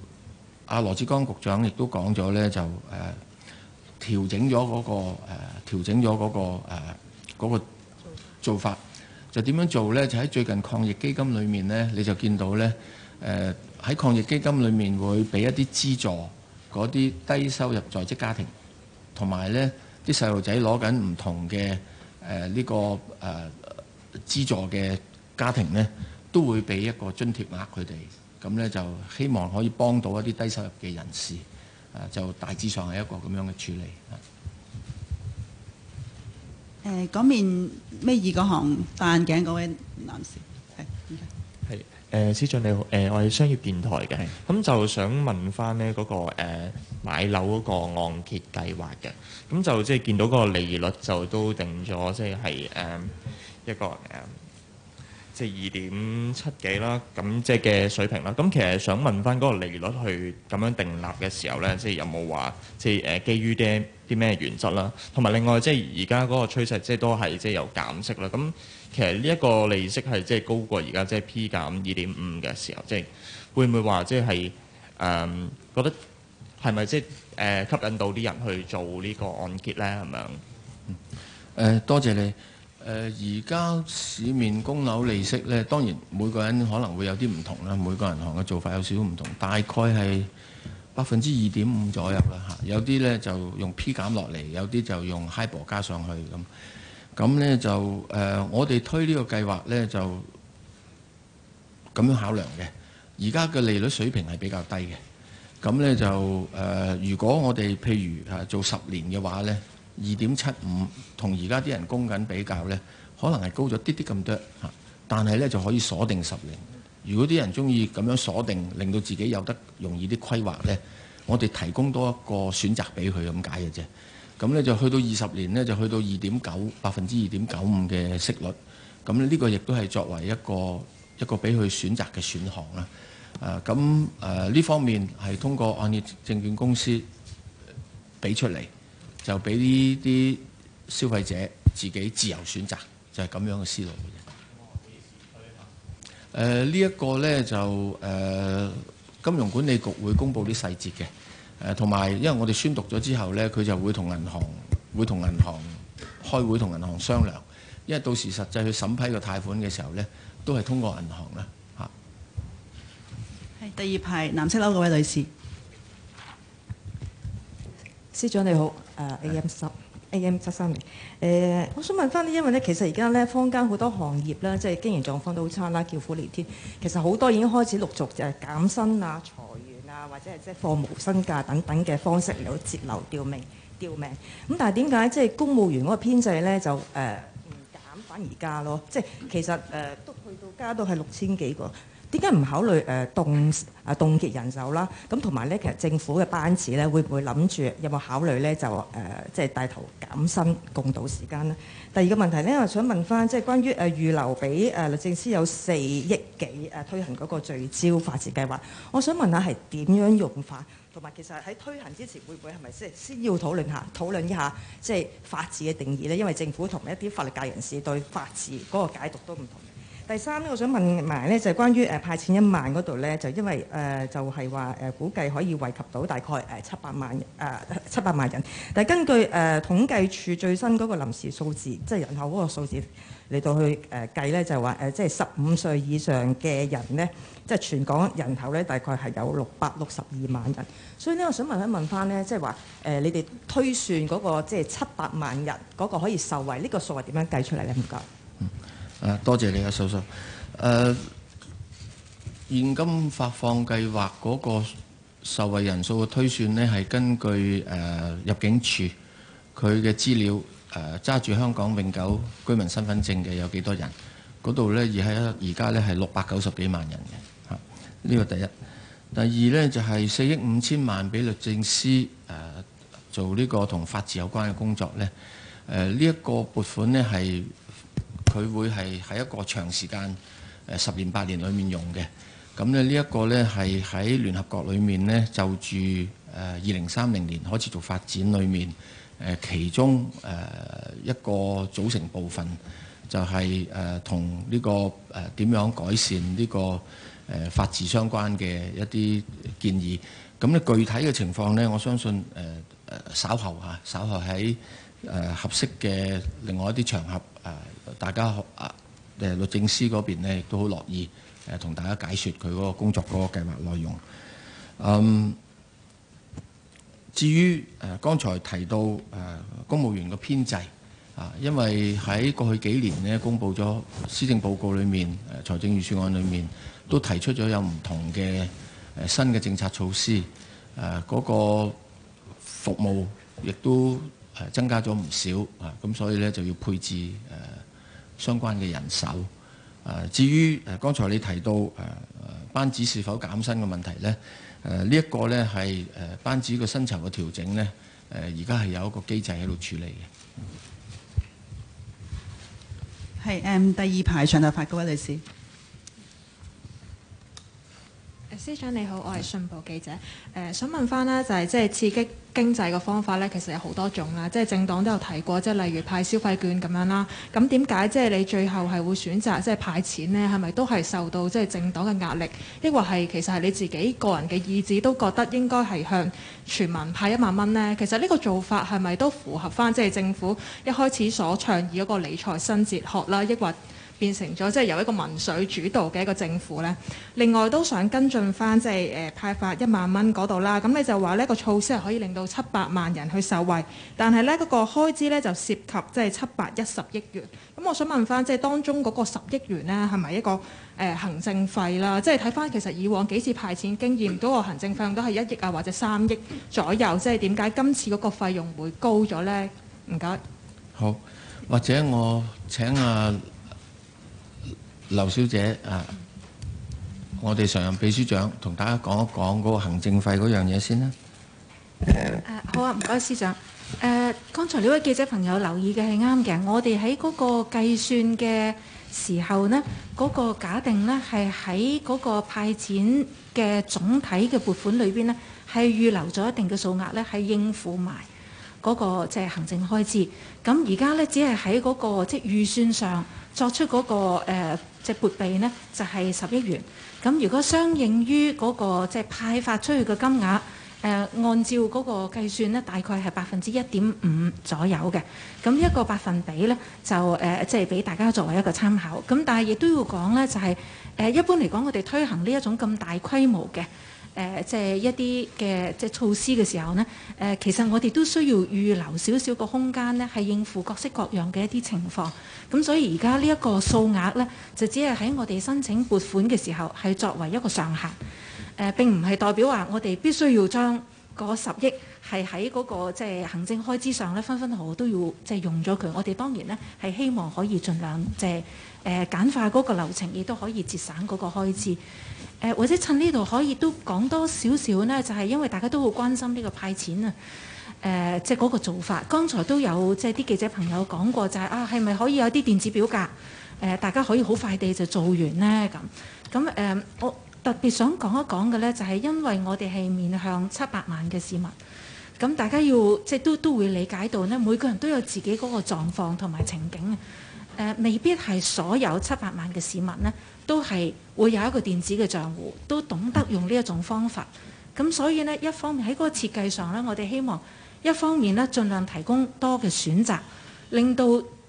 阿、啊、羅志剛局長亦都講咗咧，就誒。呃調整咗嗰個誒，調整咗嗰個誒嗰個做法，就點樣做呢？就喺最近抗疫基金裏面呢，你就見到呢誒喺抗疫基金裏面會俾一啲資助嗰啲低收入在職家庭，同埋呢啲細路仔攞緊唔同嘅誒呢個誒資助嘅家庭呢，都會俾一個津貼額佢哋。咁呢就希望可以幫到一啲低收入嘅人士。誒就大致上係一個咁樣嘅處理。誒嗰面咩二嗰行戴眼鏡嗰位男士，係。係、呃、司長你好，呃、我係商業電台嘅，咁就想問翻呢嗰個誒、呃、買樓嗰個按揭計劃嘅，咁就即係見到嗰個利率就都定咗，即係誒一個、呃即係二點七幾啦，咁即係嘅水平啦。咁其實想問翻嗰個利率去咁樣定立嘅時候咧，即係有冇話即係誒基於啲啲咩原則啦？同埋另外即係而家嗰個趨勢即係都係即係有減息啦。咁其實呢一個利息係即係高過而家即係 P 減二點五嘅時候，即係會唔會話即係誒覺得係咪即係誒吸引到啲人去做呢個按揭咧？咁樣誒，多謝你。誒而家市面供樓利息呢，當然每個人可能會有啲唔同啦，每個銀行嘅做法有少少唔同，大概係百分之二點五左右啦嚇。有啲呢就用 P 減落嚟，有啲就用 HIBOR 加上去咁。咁呢就、呃、我哋推呢個計劃呢，就咁樣考量嘅。而家嘅利率水平係比較低嘅，咁呢就、呃、如果我哋譬如誒做十年嘅話呢。二點七五同而家啲人供緊比較呢，可能係高咗啲啲咁多吓，但係呢，就可以鎖定十年。如果啲人中意咁樣鎖定，令到自己有得容易啲規劃呢，我哋提供多一個選擇俾佢咁解嘅啫。咁呢，就去到二十年呢，就去到二點九，百分之二點九五嘅息率。咁呢個亦都係作為一個一個俾佢選擇嘅選項啦。啊，咁啊呢方面係通過按揭證券公司俾出嚟。就俾呢啲消費者自己自由選擇，就係、是、咁樣嘅思路嘅。呢一個呢就、呃、金融管理局會公布啲細節嘅。同、呃、埋因為我哋宣讀咗之後呢，佢就會同銀行會同銀行開會，同銀行商量，因為到時實際去審批個貸款嘅時候呢都係通過銀行啦、啊。第二排藍色褸嗰位女士。司長你好，誒 AM 十 AM 七三零，誒、呃、我想問翻咧，因為咧其實而家咧坊間好多行業啦，即係經營狀況都好差啦，叫苦連天。其實好多已經開始陸續誒減薪啊、裁員啊，或者係即係放無薪假等等嘅方式嚟到節流吊命吊命。咁但係點解即係公務員嗰個編制咧就誒唔、呃、減反而加咯？即係其實誒都、呃、去到加到係六千幾個。點解唔考慮誒凍、呃、啊凍結人手啦？咁同埋咧，其實政府嘅班子咧，會唔會諗住有冇考慮咧？就誒，即係，呃，帶頭減薪共度時間呢？第二個問題咧，我想問翻，即係關於誒預留俾誒律政司有四億幾誒推行嗰個聚焦法治計劃，我想問下係點樣用法？同埋其實喺推行之前，會唔會係咪先先要討論下，討論一下即係法治嘅定義咧？因為政府同一啲法律界人士對法治嗰個解讀都唔同。第三呢，我想問埋咧，就係關於誒派錢一萬嗰度咧，就因為誒就係話誒估計可以惠及到大概誒七百萬誒七百萬人，但係根據誒統計處最新嗰個臨時數字，即係人口嗰個數字嚟到去誒計咧，就係話誒即係十五歲以上嘅人咧，即係全港人口咧，大概係有六百六十二萬人。所以呢，我想問一問翻咧，即係話誒你哋推算嗰個即係七百萬人嗰個可以受惠，呢個數字點樣計出嚟咧？唔該。嗯啊，多謝你啊，叔叔。誒、呃，現金發放計劃嗰個受惠人數嘅推算呢，係根據誒、呃、入境處佢嘅資料，誒揸住香港永久居民身份證嘅有幾多人？嗰度呢，亦係而家呢係六百九十幾萬人嘅。嚇、啊，呢個第一。第二呢，就係、是、四億五千萬俾律政司誒、呃、做呢個同法治有關嘅工作呢誒，呢、呃、一、呢個撥款呢，係。佢會係喺一個長時間誒、呃、十年八年裡面用嘅。咁咧呢一、這個呢，係喺聯合國裡面呢，就住誒二零三零年開始做發展裡面誒、呃、其中誒、呃、一個組成部分就係誒同呢個誒點、呃、樣改善呢、這個誒、呃、法治相關嘅一啲建議。咁、呃、咧具體嘅情況呢，我相信誒、呃、稍後嚇稍後喺誒、呃、合適嘅另外一啲場合誒。呃大家啊誒律政司嗰邊呢，亦都好樂意誒同、呃、大家解説佢嗰個工作嗰個計劃內容。嗯，至於誒、呃、剛才提到誒、呃、公務員嘅編制啊，因為喺過去幾年呢，公布咗施政報告裏面、啊、財政預算案裏面，都提出咗有唔同嘅誒、啊、新嘅政策措施。誒、啊、嗰、嗰個服務亦都誒增加咗唔少啊，咁所以呢就要配置誒。啊相關嘅人手。誒、啊，至於誒、啊，剛才你提到誒誒、啊、班子是否減薪嘅問題咧，誒、啊這個、呢一個咧係誒班子嘅薪酬嘅調整咧，誒而家係有一個機制喺度處理嘅。係誒、啊，第二排長頭髮嗰位女士。司長你好，我係信報記者。誒、呃，想問翻呢，就係即係刺激經濟嘅方法呢，其實有好多種啦。即係政黨都有提過，即係例如派消費券咁樣啦。咁點解即係你最後係會選擇即係派錢呢？係咪都係受到即係政黨嘅壓力？抑或係其實係你自己個人嘅意志都覺得應該係向全民派一萬蚊呢？其實呢個做法係咪都符合翻即係政府一開始所倡議嗰個理財新哲學啦？抑或？變成咗即係由一個民粹主導嘅一個政府呢。另外都想跟進翻即係誒派發一萬蚊嗰度啦。咁你就話呢個措施係可以令到七百萬人去受惠，但係呢嗰個開支呢就涉及即係七百一十億元。咁我想問翻即係當中嗰個十億元呢係咪一個誒行政費啦？即係睇翻其實以往幾次派錢經驗，嗰個行政費用都係一億啊或者三億左右。即係點解今次嗰個費用會高咗呢？唔該。好，或者我請阿、啊。劉小姐啊，我哋常任秘書長同大家講一講嗰個行政費嗰樣嘢先啦。誒，好啊，唔該，司長。誒，剛才呢位記者朋友留意嘅係啱嘅，我哋喺嗰個計算嘅時候呢，嗰個假定呢係喺嗰個派錢嘅總體嘅撥款裏邊呢，係預留咗一定嘅數額呢，係應付埋嗰個即係行政開支。咁而家呢，只係喺嗰個即係預算上。作出嗰、那個即、呃就是、撥備呢，就係、是、十億元。咁如果相應於嗰、那個即、就是、派發出去嘅金額，誒、呃、按照嗰個計算呢，大概係百分之一點五左右嘅。咁一個百分比咧，就誒即俾大家作為一個參考。咁但係亦都要講咧，就係、是、誒、呃、一般嚟講，我哋推行呢一種咁大規模嘅。誒，即係一啲嘅即係措施嘅時候呢，誒，其實我哋都需要預留少少個空間呢，係應付各式各樣嘅一啲情況。咁所以而家呢一個數額呢，就只係喺我哋申請撥款嘅時候，係作為一個上限。誒，並唔係代表話我哋必須要將嗰十億係喺嗰個即係行政開支上呢，分分毫都要即係用咗佢。我哋當然呢，係希望可以儘量即係誒簡化嗰個流程，亦都可以節省嗰個開支。誒或者趁呢度可以都講多少少呢？就係因為大家都好關心呢個派錢啊，誒，即係嗰個做法。剛才都有即係啲記者朋友講過，就係啊，係咪可以有啲電子表格？誒，大家可以好快地就做完呢？咁。咁誒，我特別想講一講嘅呢，就係因為我哋係面向七百萬嘅市民，咁大家要即係都都會理解到呢，每個人都有自己嗰個狀況同埋情景啊，誒，未必係所有七百萬嘅市民呢，都係。會有一個電子嘅帳戶，都懂得用呢一種方法。咁所以呢，一方面喺個設計上呢，我哋希望一方面呢，盡量提供多嘅選擇，令到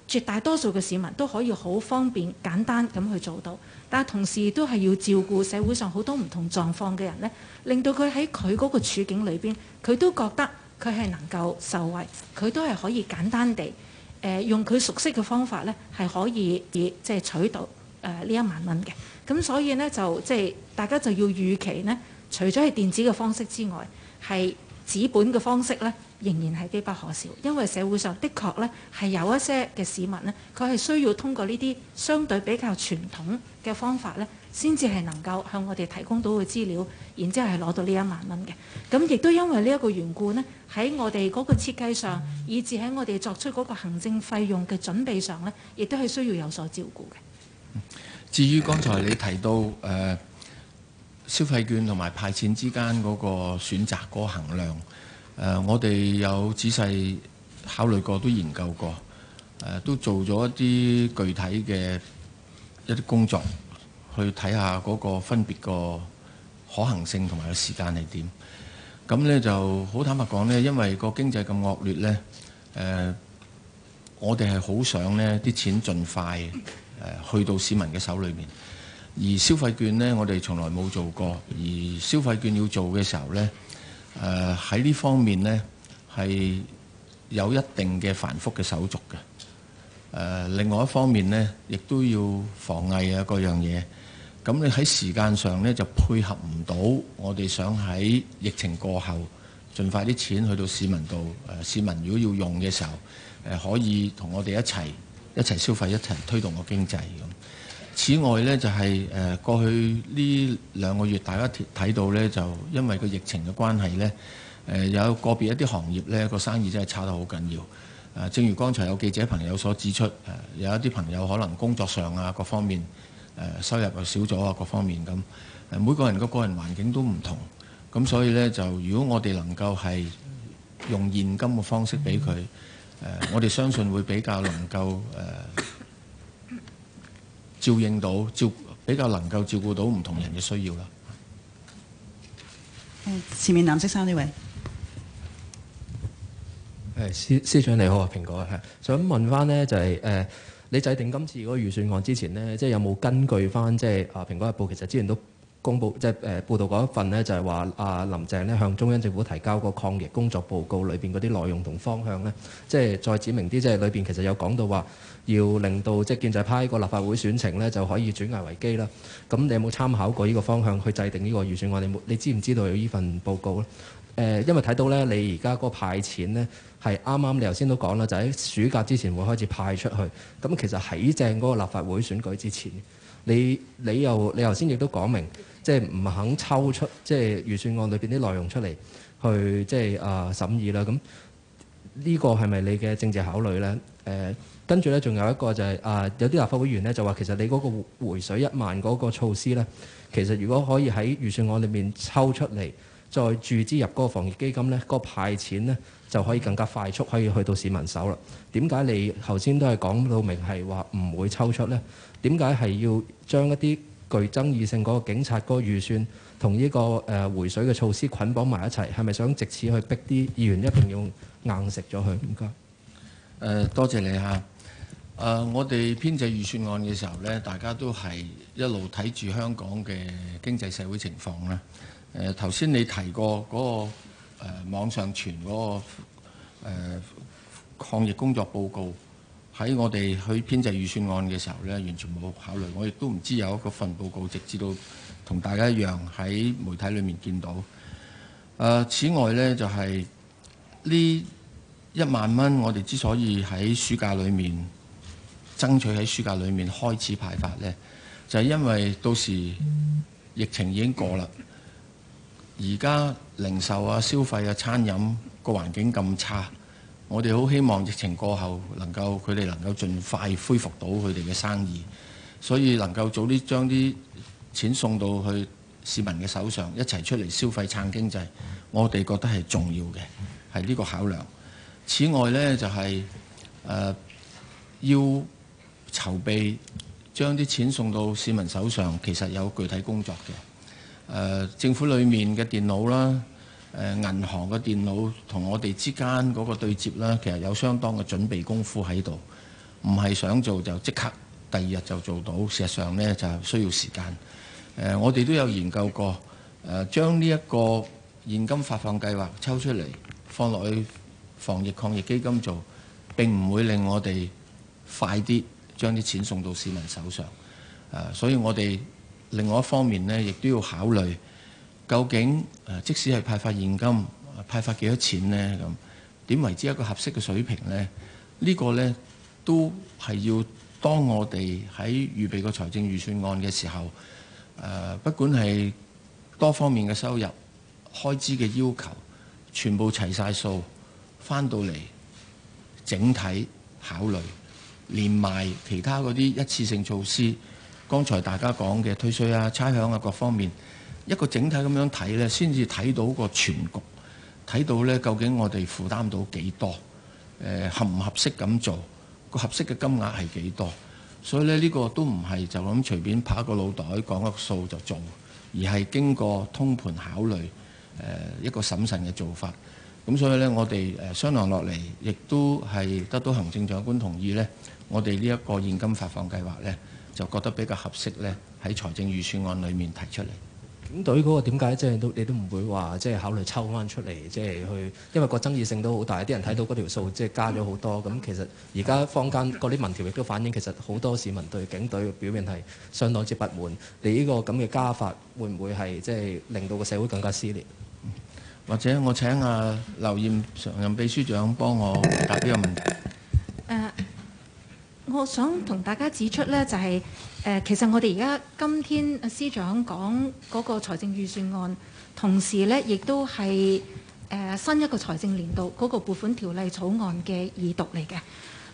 絕大多數嘅市民都可以好方便、簡單咁去做到。但係同時都係要照顧社會上好多唔同狀況嘅人呢，令到佢喺佢嗰個處境裏面，佢都覺得佢係能夠受惠，佢都係可以簡單地、呃、用佢熟悉嘅方法呢，係可以以即係取到呢、呃、一萬蚊嘅。咁所以呢，就即係、就是、大家就要預期呢，除咗係電子嘅方式之外，係紙本嘅方式呢，仍然係必不可少。因為社會上的確呢，係有一些嘅市民呢，佢係需要通過呢啲相對比較傳統嘅方法呢，先至係能夠向我哋提供到嘅資料，然之後，係攞到呢一萬蚊嘅。咁亦都因為呢一個緣故呢，喺我哋嗰個設計上，以至喺我哋作出嗰個行政費用嘅準備上呢，亦都係需要有所照顧嘅。至於剛才你提到誒、呃、消費券同埋派錢之間嗰個選擇個衡量，誒、呃、我哋有仔細考慮過，都研究過，誒、呃、都做咗一啲具體嘅一啲工作，去睇下嗰個分別個可行性同埋個時間係點。咁呢就好坦白講呢，因為個經濟咁惡劣、呃、呢，誒我哋係好想呢啲錢盡快去到市民嘅手裏面，而消費券呢，我哋從來冇做過。而消費券要做嘅時候呢，誒喺呢方面呢，係有一定嘅繁複嘅手續嘅。呃，另外一方面呢，亦都要防偽啊各樣嘢。咁你喺時間上呢，就配合唔到，我哋想喺疫情過後盡快啲錢去到市民度。呃，市民如果要用嘅時候，呃，可以同我哋一齊。一齊消費，一齊推動個經濟。此外呢，就係誒過去呢兩個月，大家睇到呢，就因為個疫情嘅關係呢，有個別一啲行業呢個生意真係差得好緊要。正如剛才有記者朋友所指出，有一啲朋友可能工作上啊各方面收入又少咗啊各方面咁，每個人個個人環境都唔同，咁所以呢，就如果我哋能夠係用現金嘅方式俾佢。誒，我哋相信會比較能夠誒、呃、照應到照比較能夠照顧到唔同人嘅需要啦。前面藍色衫呢位，誒，司司長你好啊，蘋果啊，係，想問翻呢就係、是、誒、呃，你制定今次嗰個預算案之前呢，即、就、係、是、有冇根據翻即係啊蘋果日報其實之前都。公布即係誒報道嗰一份呢，就係話阿林鄭呢向中央政府提交個抗疫工作報告裏面嗰啲內容同方向呢，即係再指明啲即係裏面其實有講到話要令到即係建制派個立法會選情呢，就可以轉危為機啦。咁你有冇參考過呢個方向去制定呢個預算案？你你知唔知道有呢份報告呢？誒，因為睇到呢，你而家嗰個派錢呢，係啱啱你頭先都講啦，就喺暑假之前會開始派出去。咁其實喺正嗰個立法會選舉之前你，你又你又你頭先亦都講明，即係唔肯抽出即係預算案裏邊啲內容出嚟，去即係啊審議啦。咁呢個係咪你嘅政治考慮咧？誒、呃，跟住咧仲有一個就係、是、啊、呃，有啲立法會議員咧就話其實你嗰個回水一萬嗰個措施咧，其實如果可以喺預算案裏面抽出嚟，再注資入嗰個防疫基金咧，嗰個派錢咧就可以更加快速可以去到市民手啦。點解你頭先都係講到明係話唔會抽出咧？點解係要將一啲？具爭議性嗰個警察嗰個預算同呢個誒回水嘅措施捆綁埋一齊，係咪想藉此去逼啲議員一定要硬食咗佢？唔該。誒，多謝你嚇。誒，我哋編制預算案嘅時候呢，大家都係一路睇住香港嘅經濟社會情況啦。誒，頭先你提過嗰個誒網上傳嗰個抗疫工作報告。喺我哋去編制預算案嘅時候呢，完全冇考慮，我亦都唔知有一個份報告，直至到同大家一樣喺媒體裏面見到。誒，此外呢，就係、是、呢一萬蚊，我哋之所以喺暑假裏面爭取喺暑假裏面開始派發呢，就係、是、因為到時疫情已經過啦，而家零售啊、消費啊、餐飲個環境咁差。我哋好希望疫情過後能夠佢哋能夠盡快恢復到佢哋嘅生意，所以能夠早啲將啲錢送到去市民嘅手上，一齊出嚟消費撐經濟，我哋覺得係重要嘅，係呢個考量。此外咧就係、呃、要籌備將啲錢送到市民手上，其實有具體工作嘅、呃、政府裏面嘅電腦啦。誒銀行嘅電腦同我哋之間嗰個對接啦，其實有相當嘅準備功夫喺度，唔係想做就即刻第二日就做到，事實上呢就需要時間。我哋都有研究過，將呢一個現金發放計劃抽出嚟放落去防疫抗疫基金做，並唔會令我哋快啲將啲錢送到市民手上。所以我哋另外一方面呢，亦都要考慮。究竟、啊、即使係派發現金，派發幾多錢呢？咁點為之一個合適嘅水平呢？呢、呢個呢，都係要當我哋喺預備個財政預算案嘅時候，啊、不管係多方面嘅收入、開支嘅要求，全部齊晒數，翻到嚟整體考慮，連埋其他嗰啲一次性措施，剛才大家講嘅退稅啊、差餉啊各方面。一個整體咁樣睇呢，先至睇到個全局，睇到呢究竟我哋負擔到幾多？誒合唔合適咁做？個合適嘅金額係幾多？所以呢，呢個都唔係就咁隨便拍個腦袋講個數就做，而係經過通盤考慮誒一個審慎嘅做法。咁所以呢，我哋誒商量落嚟，亦都係得到行政長官同意呢，我哋呢一個現金發放計劃呢，就覺得比較合適呢，喺財政預算案裡面提出嚟。警隊嗰個點解即係都你都唔會話即係考慮抽翻出嚟即係去，因為個爭議性都好大，啲人睇到嗰條數即係加咗好多。咁其實而家坊間嗰啲民調亦都反映，其實好多市民對警隊表現係相當之不滿。你呢個咁嘅加法會唔會係即係令到個社會更加撕裂？或者我請阿、啊、劉艷常任秘書長幫我答呢個問題。誒、uh，我想同大家指出咧，就係、是。其實我哋而家今天司長講嗰個財政預算案，同時咧亦都係、呃、新一個財政年度嗰、嗰個撥款條例草案嘅二讀嚟嘅。呢、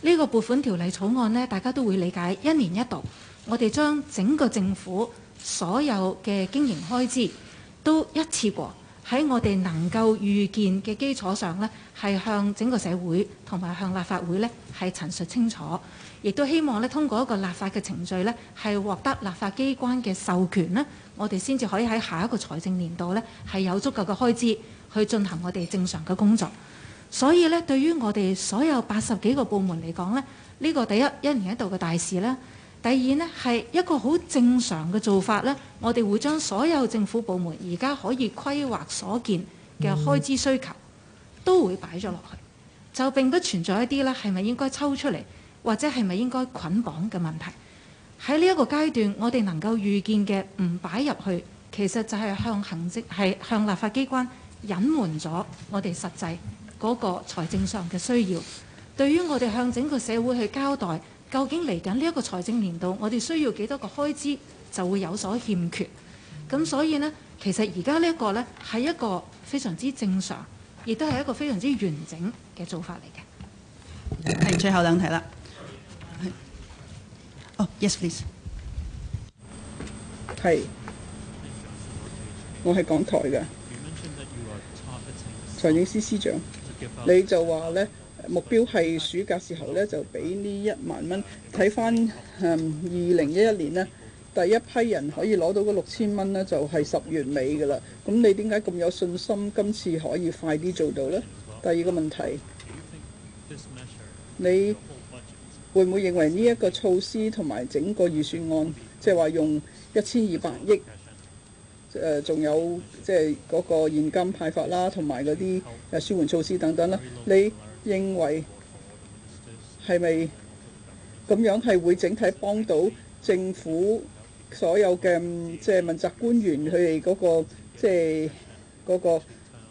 呢個撥款條例草案呢，大家都會理解，一年一度，我哋將整個政府所有嘅經營開支都一次過喺我哋能夠預見嘅基礎上呢，係向整個社會同埋向立法會呢，係陳述清楚。亦都希望咧，通過一個立法嘅程序咧，係獲得立法機關嘅授權咧，我哋先至可以喺下一個財政年度咧係有足夠嘅開支去進行我哋正常嘅工作。所以咧，對於我哋所有八十幾個部門嚟講咧，呢個第一一年一度嘅大事咧，第二呢係一個好正常嘅做法咧。我哋會將所有政府部門而家可以規劃所見嘅開支需求都會擺咗落去，就並不存在一啲咧係咪應該抽出嚟。或者係咪應該捆綁嘅問題？喺呢一個階段，我哋能夠預見嘅唔擺入去，其實就係向行政，係向立法機關隱瞞咗我哋實際嗰個財政上嘅需要。對於我哋向整個社會去交代，究竟嚟緊呢一個財政年度，我哋需要幾多個開支就會有所欠缺。咁所以呢，其實而家呢一個呢，係一個非常之正常，亦都係一個非常之完整嘅做法嚟嘅。係最後兩題啦。哦、oh, yes, please. 係，我係港台㗎。財政司司長，你就話呢，目標係暑假時候呢就俾呢一萬蚊。睇翻二零一一年呢，第一批人可以攞到嘅六千蚊呢就係十月尾㗎啦。咁你點解咁有信心今次可以快啲做到呢？第二個問題，你。會唔會認為呢一個措施同埋整個預算案，即係話用一千二百億，誒、呃、仲有即係嗰個現金派發啦，同埋嗰啲誒舒緩措施等等咧？你認為係咪咁樣係會整體幫到政府所有嘅即係問責官員佢哋嗰個即係嗰個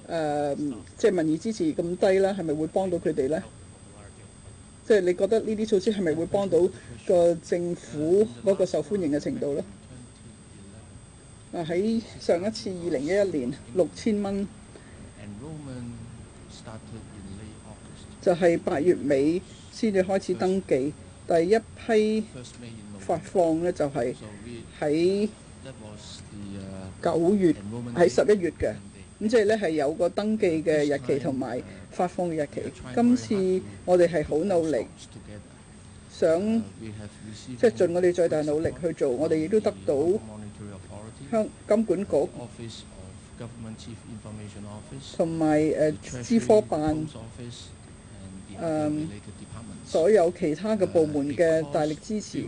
即係、誒即係、民意支持咁低啦，係咪會幫到佢哋咧？即係你覺得呢啲措施係咪會幫到個政府嗰個受歡迎嘅程度呢？喺上一次二零一一年六千蚊，就係八月尾先至開始登記，第一批發放呢，就係喺九月喺十一月嘅，咁即係呢，係有個登記嘅日期同埋。發放嘅日期。今次我哋係好努力，想即係盡我哋最大努力去做。我哋亦都得到香港金管局同埋誒資科辦誒所有其他嘅部門嘅大力支持。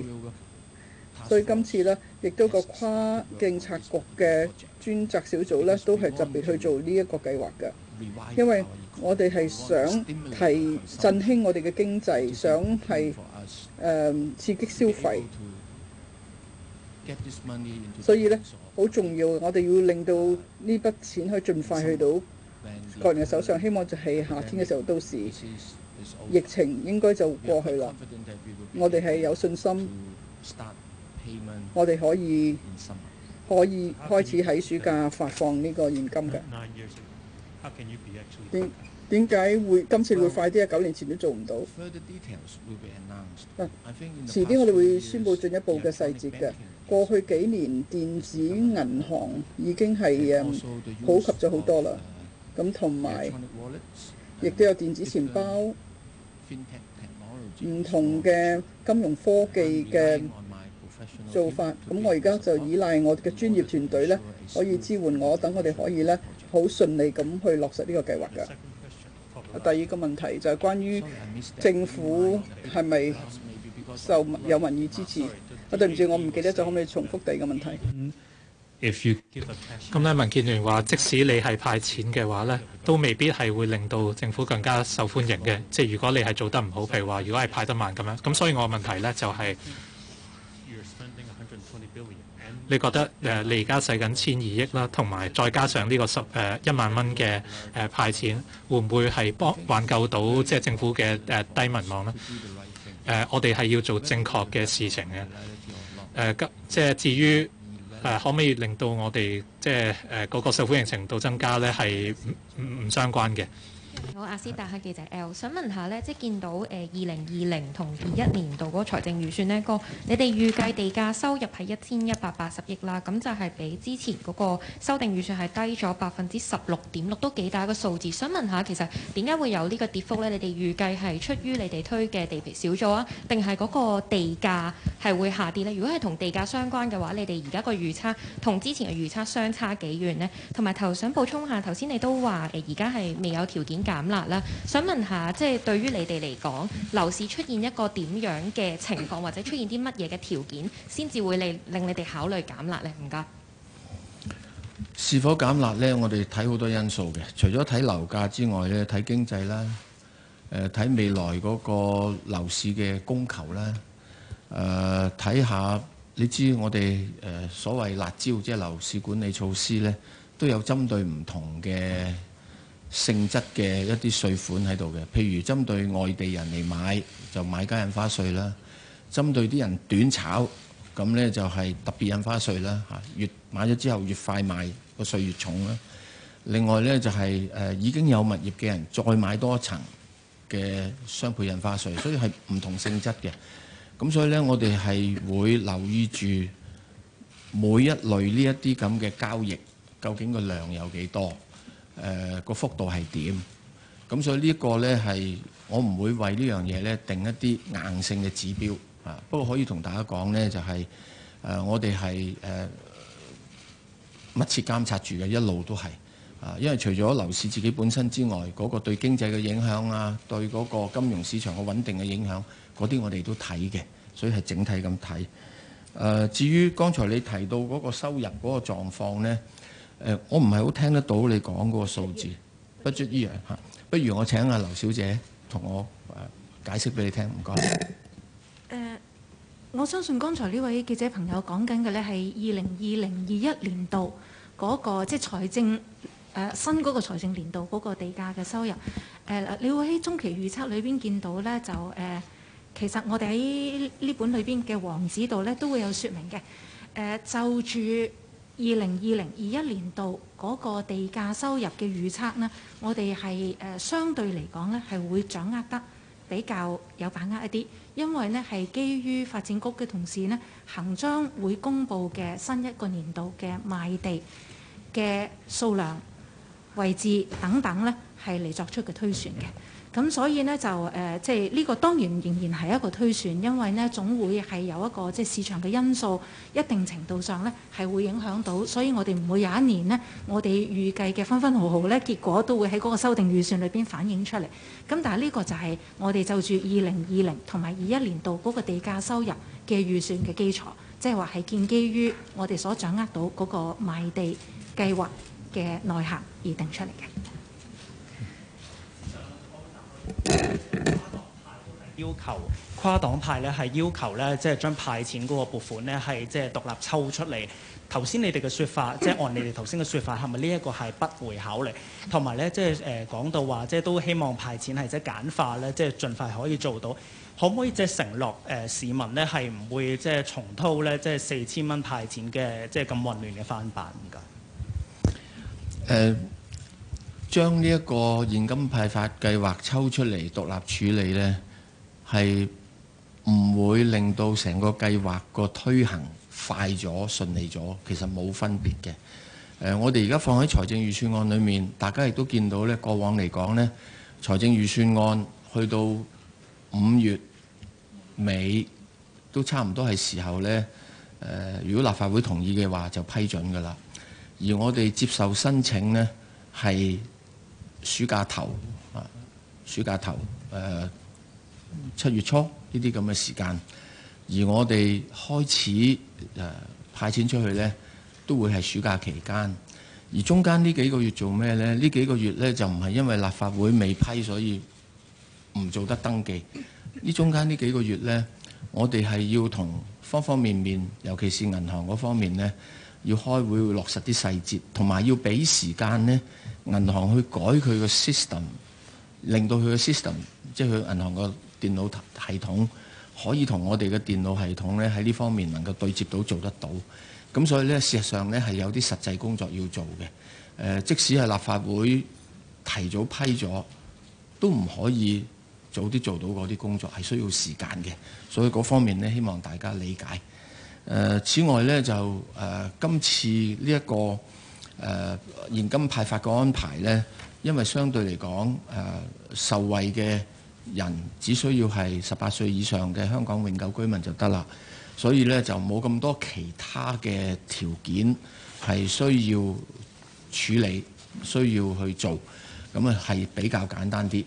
所以今次咧，亦都個跨政策局嘅專責小組咧，都係特別去做呢一個計劃嘅，因為我哋係想提振興我哋嘅經濟，想刺激、嗯、刺激消費。所以呢，好重要，我哋要令到呢筆錢可以盡快去到個人嘅手上。希望就係夏天嘅時候到時，疫情應該就過去啦。我哋係有信心，我哋可以可以開始喺暑假發放呢個現金嘅。點解會今次會快啲啊？九年前都做唔到。嗱，遲啲我哋會宣布進一步嘅細節嘅。過去幾年電子銀行已經係普及咗好多啦。咁同埋亦都有電子錢包、唔同嘅金融科技嘅做法。咁我而家就依賴我嘅專業團隊呢，可以支援我，等我哋可以呢，好順利咁去落實呢個計劃㗎。第二個問題就係關於政府係咪受有民意支持？啊，對唔住，我唔記得咗，就可唔可以重複第二個問題？嗯。If you give 咁咧民建聯話，即使你係派錢嘅話呢，都未必係會令到政府更加受歡迎嘅。即係如果你係做得唔好，譬如話，如果係派得慢咁樣，咁所以我問題呢就係、是。你覺得誒，你而家使緊千二億啦，同埋再加上呢個十誒一萬蚊嘅誒派錢，會唔會係幫挽救到即係政府嘅誒低民望呢？誒，我哋係要做正確嘅事情嘅。誒，今即係至於誒，可唔可以令到我哋即係嗰個受歡迎程度增加呢？係唔唔唔相關嘅。好，阿斯達克記者 L，想問下咧，即係見到誒二零二零同二一年度嗰個財政預算呢，個，你哋預計地價收入係一千一百八十億啦，咁就係比之前嗰個修訂預算係低咗百分之十六點六，都幾大的一個數字。想問下，其實點解會有呢個跌幅咧？你哋預計係出於你哋推嘅地皮少咗啊，定係嗰個地價係會下跌咧？如果係同地價相關嘅話，你哋而家個預測同之前嘅預測相差幾遠呢？同埋頭想補充下，頭先你都話誒，而家係未有條件減辣啦！想問下，即係對於你哋嚟講，樓市出現一個點樣嘅情況，或者出現啲乜嘢嘅條件，先至會令令你哋考慮減辣呢？唔該。是否減辣呢？我哋睇好多因素嘅，除咗睇樓價之外咧，睇經濟啦，誒睇未來嗰個樓市嘅供求啦，誒睇下你知我哋誒所謂辣椒即係樓市管理措施呢，都有針對唔同嘅性質嘅一啲稅款喺度嘅，譬如針對外地人嚟買，就買家印花稅啦；針對啲人短炒，咁呢就係特別印花稅啦。嚇，越買咗之後越快賣，個稅越重啦。另外呢，就係誒已經有物業嘅人再買多一層嘅雙倍印花稅，所以係唔同性質嘅。咁所以呢，我哋係會留意住每一類呢一啲咁嘅交易，究竟個量有幾多？誒、呃，嗰個幅度係點？咁所以呢一個呢，係我唔會為呢樣嘢呢定一啲硬性嘅指標啊。不過可以同大家講呢，就係、係、誒、呃、我哋係誒密切監察住嘅，一路都係啊。因為除咗樓市自己本身之外，嗰、嗰個對經濟嘅影響啊，對嗰個金融市場嘅穩定嘅影響，嗰啲我哋都睇嘅，所以係整體咁睇。誒、呃，至於剛才你提到嗰個收入嗰個狀況咧。誒、呃，我唔係好聽得到你講嗰個數字，不著於人。不如我請阿劉小姐同我解釋俾你聽，唔該、呃。我相信剛才呢位記者朋友講緊嘅呢係二零二零二一年度嗰、那個即係、就是、財政誒、呃、新嗰個財政年度嗰個地價嘅收入。誒、呃，你會喺中期預測裏邊見到呢，就誒、呃、其實我哋喺呢本裏邊嘅黃紙度呢都會有説明嘅。誒、呃，就住。二零二零二一年度嗰個地價收入嘅預測呢，我哋係誒，相對嚟講呢係會掌握得比較有把握一啲，因為呢係基於發展局嘅同事呢行將會公布嘅新一個年度嘅賣地嘅數量、位置等等呢係嚟作出嘅推算嘅。咁所以呢，就誒即係呢個當然仍然係一個推算，因為呢總會係有一個即係市場嘅因素，一定程度上呢係會影響到，所以我哋唔會有一年呢，我哋預計嘅分分毫毫呢結果都會喺嗰個修訂預算裏邊反映出嚟。咁但係呢個就係我哋就住二零二零同埋二一年度嗰個地價收入嘅預算嘅基礎，即係話係建基於我哋所掌握到嗰個賣地計劃嘅內涵而定出嚟嘅。黨，要求跨黨派咧，係要求咧，即係將派錢嗰個撥款咧，係即係獨立抽出嚟。頭先你哋嘅說法，即係 按你哋頭先嘅說法，係咪呢一個係不會考慮？同埋咧，即係誒講到話，即係都希望派錢係即係簡化咧，即係盡快可以做到。可唔可以即係承諾誒市民咧，係唔會即係重蹈咧即係四千蚊派錢嘅即係咁混亂嘅翻版嘅？誒、uh。將呢一個現金派發計劃抽出嚟獨立處理呢，係唔會令到成個計劃個推行快咗、順利咗，其實冇分別嘅。呃，我哋而家放喺財政預算案裏面，大家亦都見到呢，過往嚟講呢，財政預算案去到五月尾都差唔多係時候呢，呃，如果立法會同意嘅話，就批准㗎啦。而我哋接受申請呢係。暑假頭啊，暑假頭誒七月初呢啲咁嘅時間，而我哋開始、呃、派錢出去呢，都會係暑假期間。而中間呢幾個月做咩呢？呢幾個月呢，就唔係因為立法會未批，所以唔做得登記。呢中間呢幾個月呢，我哋係要同方方面面，尤其是銀行嗰方面呢。要開會，會落實啲細節，同埋要俾時間呢，銀行去改佢個 system，令到佢個 system，即係佢銀行個電腦系統，可以同我哋嘅電腦系統呢喺呢方面能夠對接到做得到。咁所以呢，事實上呢係有啲實際工作要做嘅。呃，即使係立法會提早批咗，都唔可以早啲做到嗰啲工作，係需要時間嘅。所以嗰方面呢，希望大家理解。呃、此外咧就、呃、今次呢一個呃現金派發嘅安排咧，因為相對嚟講誒受惠嘅人只需要係十八歲以上嘅香港永久居民就得啦，所以咧就冇咁多其他嘅條件係需要處理，需要去做，咁啊係比較簡單啲。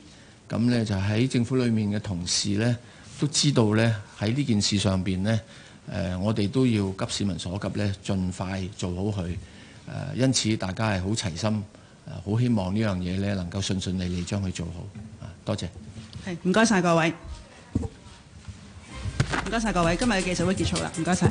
咁咧就喺政府裏面嘅同事咧都知道咧喺呢件事上面咧。呃、我哋都要急市民所急呢盡快做好佢，呃。因此大家係好齊心，好希望這件事呢樣嘢呢能夠順順利利將佢做好。啊，多謝。係，唔該晒各位，唔該晒各位，今日嘅記者會結束啦，唔該晒。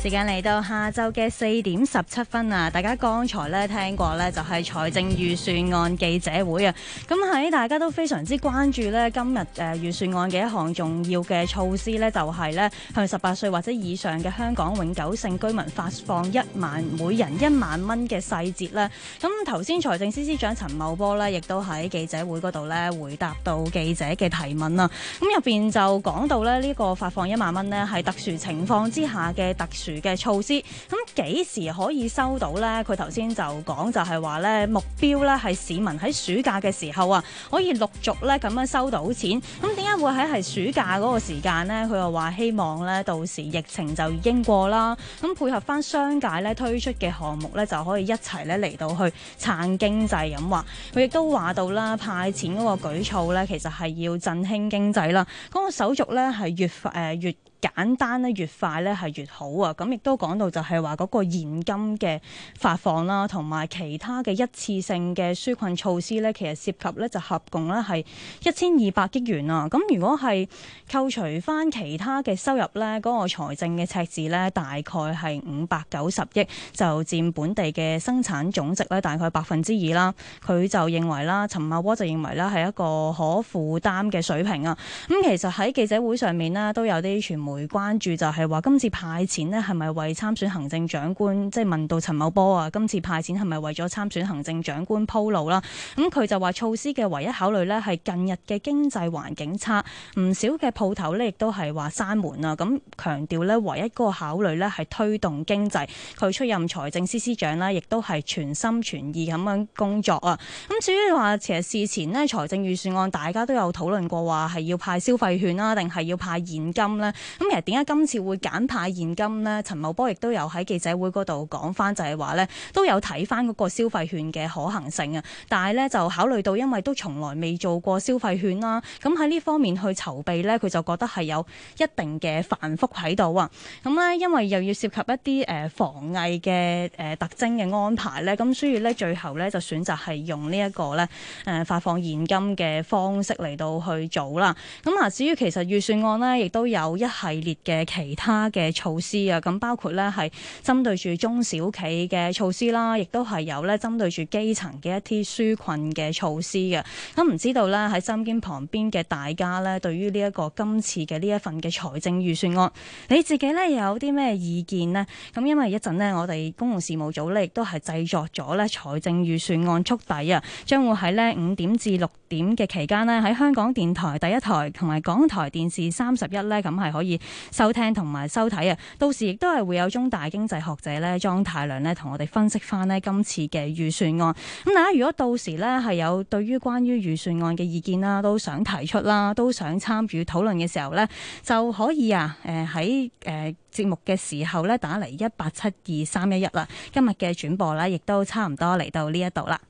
時間嚟到下晝嘅四點十七分啊！大家剛才咧聽過呢就係財政預算案記者會啊。咁喺大家都非常之關注呢，今日誒預算案嘅一項重要嘅措施呢就係呢向十八歲或者以上嘅香港永久性居民發放一萬，每人一萬蚊嘅細節咧。咁頭先財政司司長陳茂波呢，亦都喺記者會嗰度呢回答到記者嘅提問啦。咁入邊就講到咧，呢個發放一萬蚊呢，係特殊情況之下嘅特殊嘅措施，咁幾時可以收到咧？佢頭先就講，就係話咧目標咧係市民喺暑假嘅時候啊，可以陸續咧咁樣收到錢，咁點解會喺係暑假嗰個時間咧？佢又話希望咧到時疫情就已經過啦。咁配合翻商界咧推出嘅項目咧，就可以一齊咧嚟到去撐經濟，咁話佢亦都話到啦，派錢嗰個舉措咧，其實係要振興經濟啦。嗰、嗰個手續咧係越誒越。越簡單咧，越快咧係越好啊！咁亦都講到就係話嗰個現金嘅發放啦，同埋其他嘅一次性嘅紓困措施呢，其實涉及呢就合共呢係一千二百億元啊！咁如果係扣除返其他嘅收入呢，嗰、那個財政嘅赤字呢，大概係五百九十億，就佔本地嘅生產總值呢，大概百分之二啦。佢就認為啦，陳茂波就認為啦係一個可負擔嘅水平啊！咁其實喺記者會上面呢，都有啲傳回關注就係話今次派錢呢係咪為參選行政長官？即係問到陳茂波啊？今次派錢係咪為咗參選行政長官鋪路啦？咁佢就話措施嘅唯一考慮呢係近日嘅經濟環境差，唔少嘅鋪頭呢亦都係話閂門啊！咁強調呢，唯一嗰個考慮呢係推動經濟。佢出任財政司司長呢，亦都係全心全意咁樣工作啊！咁至於話其實事前呢，財政預算案大家都有討論過話係要派消費券啊，定係要派現金呢？咁其實點解今次會揀派現金呢？陳茂波亦都有喺記者會嗰度講翻，就係、是、話呢都有睇翻嗰個消費券嘅可行性啊。但係呢，就考慮到因為都從來未做過消費券啦，咁喺呢方面去籌備呢，佢就覺得係有一定嘅繁複喺度啊。咁呢，因為又要涉及一啲防疫嘅特徵嘅安排呢。咁所以呢，最後呢就選擇係用呢一個呢誒、呃、發放現金嘅方式嚟到去做啦。咁啊，至於其實預算案呢，亦都有一系列嘅其他嘅措施啊，咁包括咧，係針對住中小企嘅措施啦，亦都係有咧，針對住基層嘅一啲紓困嘅措施嘅。咁唔知道咧喺針尖旁邊嘅大家咧，對於呢一個今次嘅呢一份嘅財政預算案，你自己咧有啲咩意見咧？咁因為一陣咧，我哋公共事務組咧亦都係製作咗咧財政預算案速遞啊，將會喺咧五點至六點嘅期間咧喺香港電台第一台同埋港台電視三十一咧，咁係可以。收聽同埋收睇啊，到時亦都係會有中大經濟學者咧莊太良咧同我哋分析翻咧今次嘅預算案。咁大家如果到時咧係有對於關於預算案嘅意見啦，都想提出啦，都想參與討論嘅時候咧就可以啊，誒喺誒節目嘅時候咧打嚟一八七二三一一啦。今日嘅轉播咧亦都差唔多嚟到呢一度啦。